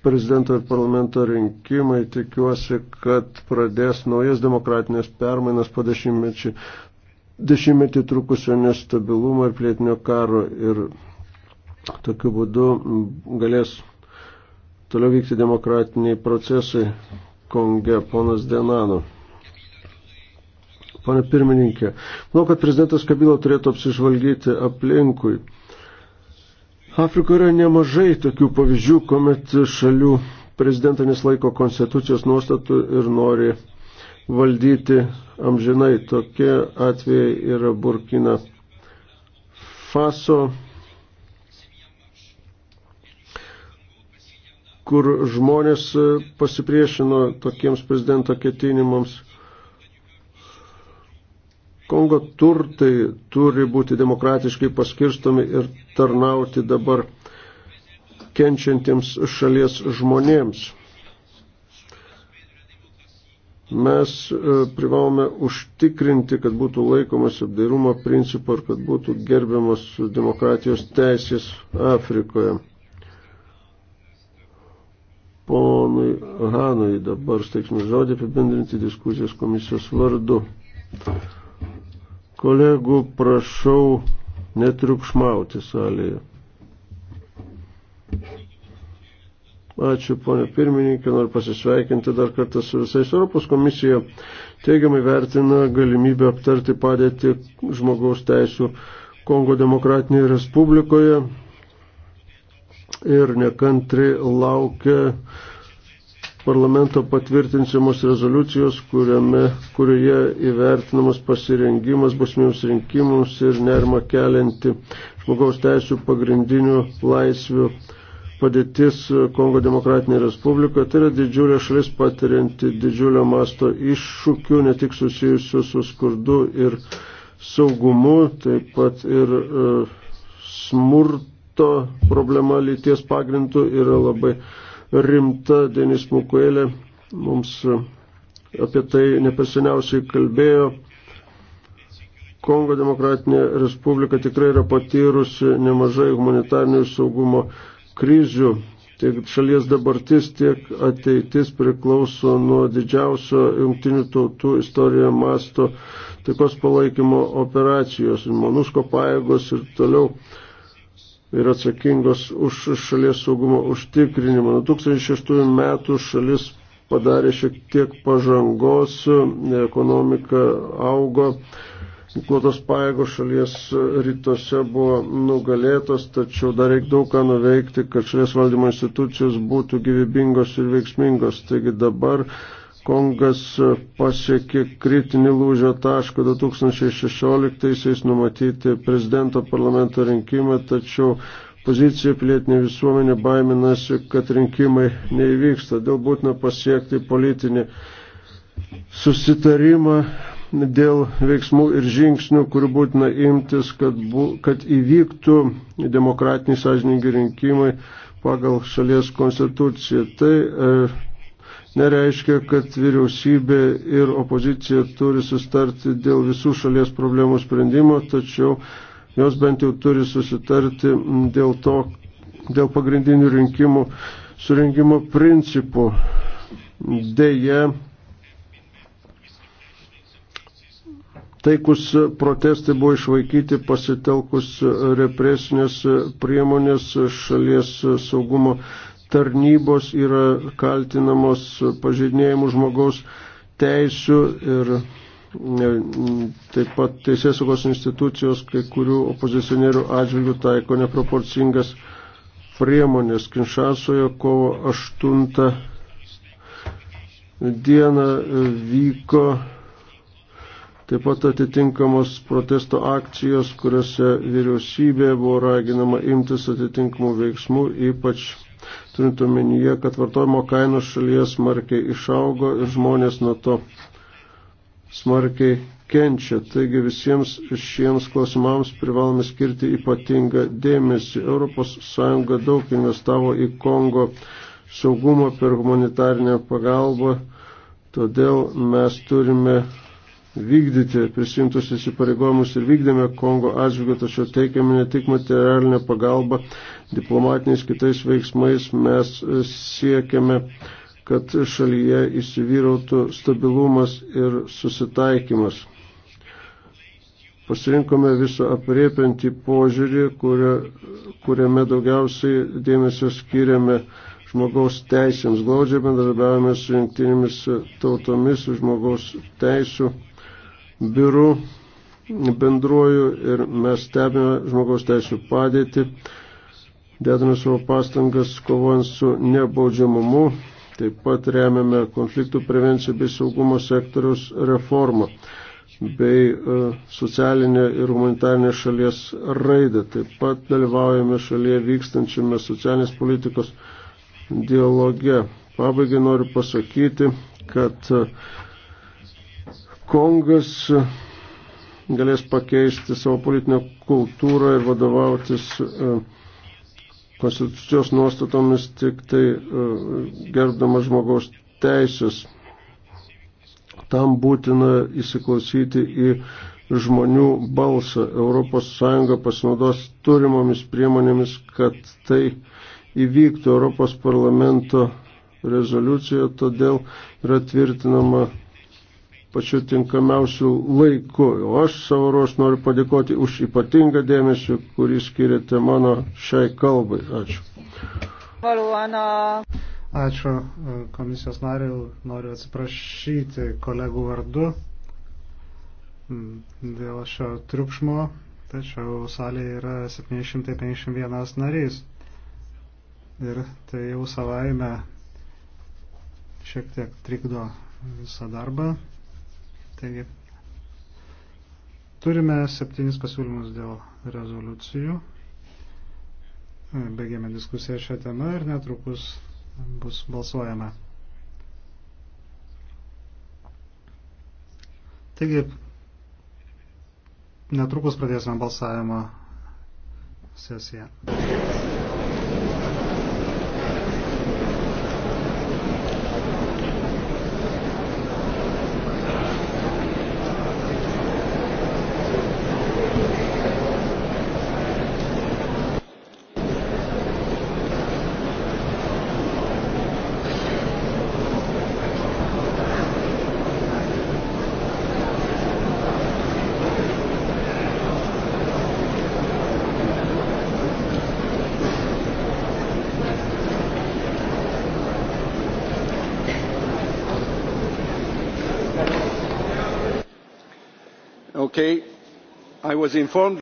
prezidento ir parlamento rinkimai, tikiuosi, kad pradės naujas demokratinės permainas po dešimtmečių dešimtmetį trukusio nestabilumo ir plėtinio karo ir Tokiu būdu galės toliau vykti demokratiniai procesai Konge, ponas Denano. Pane pirmininkė, manau, kad prezidentas Kabilo turėtų apsižvalgyti aplinkui. Afrikoje yra nemažai tokių pavyzdžių, kuomet šalių prezidentai neslaiko konstitucijos nuostatų ir nori valdyti amžinai. Tokie atvejai yra Burkina Faso, kur žmonės e, pasipriešino tokiems prezidento ketinimams. Kongo turtai turi būti demokratiškai paskirstomi ir tarnauti dabar kenčiantiems šalies žmonėms. Mes e, privalome užtikrinti, kad būtų laikomas apdairumo principo ir kad būtų gerbiamas demokratijos teisės Afrikoje. Ponui Hanui dabar steiksime žodį apibendrinti diskusijas komisijos vardu. Kolegų prašau netriukšmauti salėje. Ačiū, ponė pirmininkė, noriu pasisveikinti dar kartą su visais Europos komisija. Teigiamai vertina galimybę aptarti padėti žmogaus teisų Kongo demokratinėje Respublikoje ir nekantri laukia parlamento patvirtinsiamos rezoliucijos, kuriame, kurioje įvertinamas pasirengimas busmiems rinkimams ir nerima kelianti žmogaus teisų pagrindinių laisvių padėtis Kongo demokratinėje Respublikoje. Tai yra didžiulė šalis patirianti didžiulio masto iššūkių, ne tik susijusių su skurdu ir saugumu, taip pat ir uh, smurtu smurto problema lyties pagrindų yra labai rimta. Denis Mukuelė mums apie tai nepaseniausiai kalbėjo. Kongo demokratinė respublika tikrai yra patyrusi nemažai humanitarnių saugumo krizių. Tiek šalies dabartis, tiek ateitis priklauso nuo didžiausio jungtinių tautų istorijoje masto taikos palaikymo operacijos. Monusko pajėgos ir toliau yra atsakingos už šalies saugumo užtikrinimą. Nuo 2006 metų šalis padarė šiek tiek pažangos, ekonomika augo, ginkluotos pajėgos šalies rytuose buvo nugalėtos, tačiau dar reikia daug ką nuveikti, kad šalies valdymo institucijos būtų gyvybingos ir veiksmingos. Taigi dabar Kongas pasiekė kritinį lūžio tašką 2016-aisiais numatyti prezidento parlamento rinkimą, tačiau pozicija pilietinė visuomenė baiminasi, kad rinkimai neįvyksta. Dėl būtina pasiekti politinį susitarimą dėl veiksmų ir žingsnių, kurių būtina imtis, kad, bu, kad įvyktų demokratiniai sąžininkai rinkimai pagal šalies konstituciją. Tai e, nereiškia, kad vyriausybė ir opozicija turi sustarti dėl visų šalies problemų sprendimo, tačiau jos bent jau turi susitarti dėl to, dėl pagrindinių rinkimų surinkimo principų. Deja, taikus protestai buvo išvaikyti pasitelkus represinės priemonės šalies saugumo tarnybos yra kaltinamos pažeidinėjimu žmogaus teisų ir e, taip pat teisėsaugos institucijos kai kurių opozicionierių atžvilgių taiko neproporcingas priemonės. Kinšasoje kovo 8 dieną e, vyko Taip pat atitinkamos protesto akcijos, kuriuose vyriausybė buvo raginama imtis atitinkamų veiksmų, ypač turint omenyje, kad vartojimo kainos šalyje smarkiai išaugo ir žmonės nuo to smarkiai kenčia. Taigi visiems šiems klausimams privalome skirti ypatingą dėmesį. ES daug investavo į Kongo saugumą per humanitarinę pagalbą, todėl mes turime vykdyti prisimtus įsipareigojimus ir vykdėme Kongo atžvilgiu, tačiau teikėme ne tik materialinę pagalbą, diplomatiniais kitais veiksmais mes e, siekiame, kad šalyje įsivyrautų stabilumas ir susitaikymas. Pasirinkome visą apriepiantį požiūrį, kurio, kuriame daugiausiai dėmesio skiriame žmogaus teisėms. Glaudžiai bendradarbiavame su jungtinėmis tautomis, su žmogaus teisų biuru bendruoju ir mes stebime žmogaus teisų padėtį dedame savo pastangas kovojant su nebaudžiamumu, taip pat remiame konfliktų prevenciją bei saugumo sektoriaus reformą bei e, socialinę ir humanitarinę šalies raidą. Taip pat dalyvaujame šalyje vykstančiame socialinės politikos dialoge. Pabaigai noriu pasakyti, kad e, Kongas galės pakeisti savo politinę kultūrą ir vadovautis uh, konstitucijos nuostatomis tik tai e, gerbdamas žmogaus teisės. Tam būtina įsiklausyti į žmonių balsą. ES pasinaudos turimomis priemonėmis, kad tai įvyktų Europos parlamento rezoliucija, todėl yra tvirtinama pačiu tinkamiausiu laiku. O aš savo ruoš noriu padėkoti už ypatingą dėmesį, kurį skiriate mano šiai kalbai. Ačiū. Valuana. Ačiū e, komisijos nariu, noriu atsiprašyti kolegų vardu dėl šio triukšmo, tačiau salėje yra 751 narys. Ir tai jau savaime šiek tiek trikdo visą darbą. Taigi, turime septynis pasiūlymus dėl rezoliucijų. Begėme diskusiją šią temą ir netrukus bus balsuojama. Taigi, netrukus pradėsime balsavimo sesiją. informed...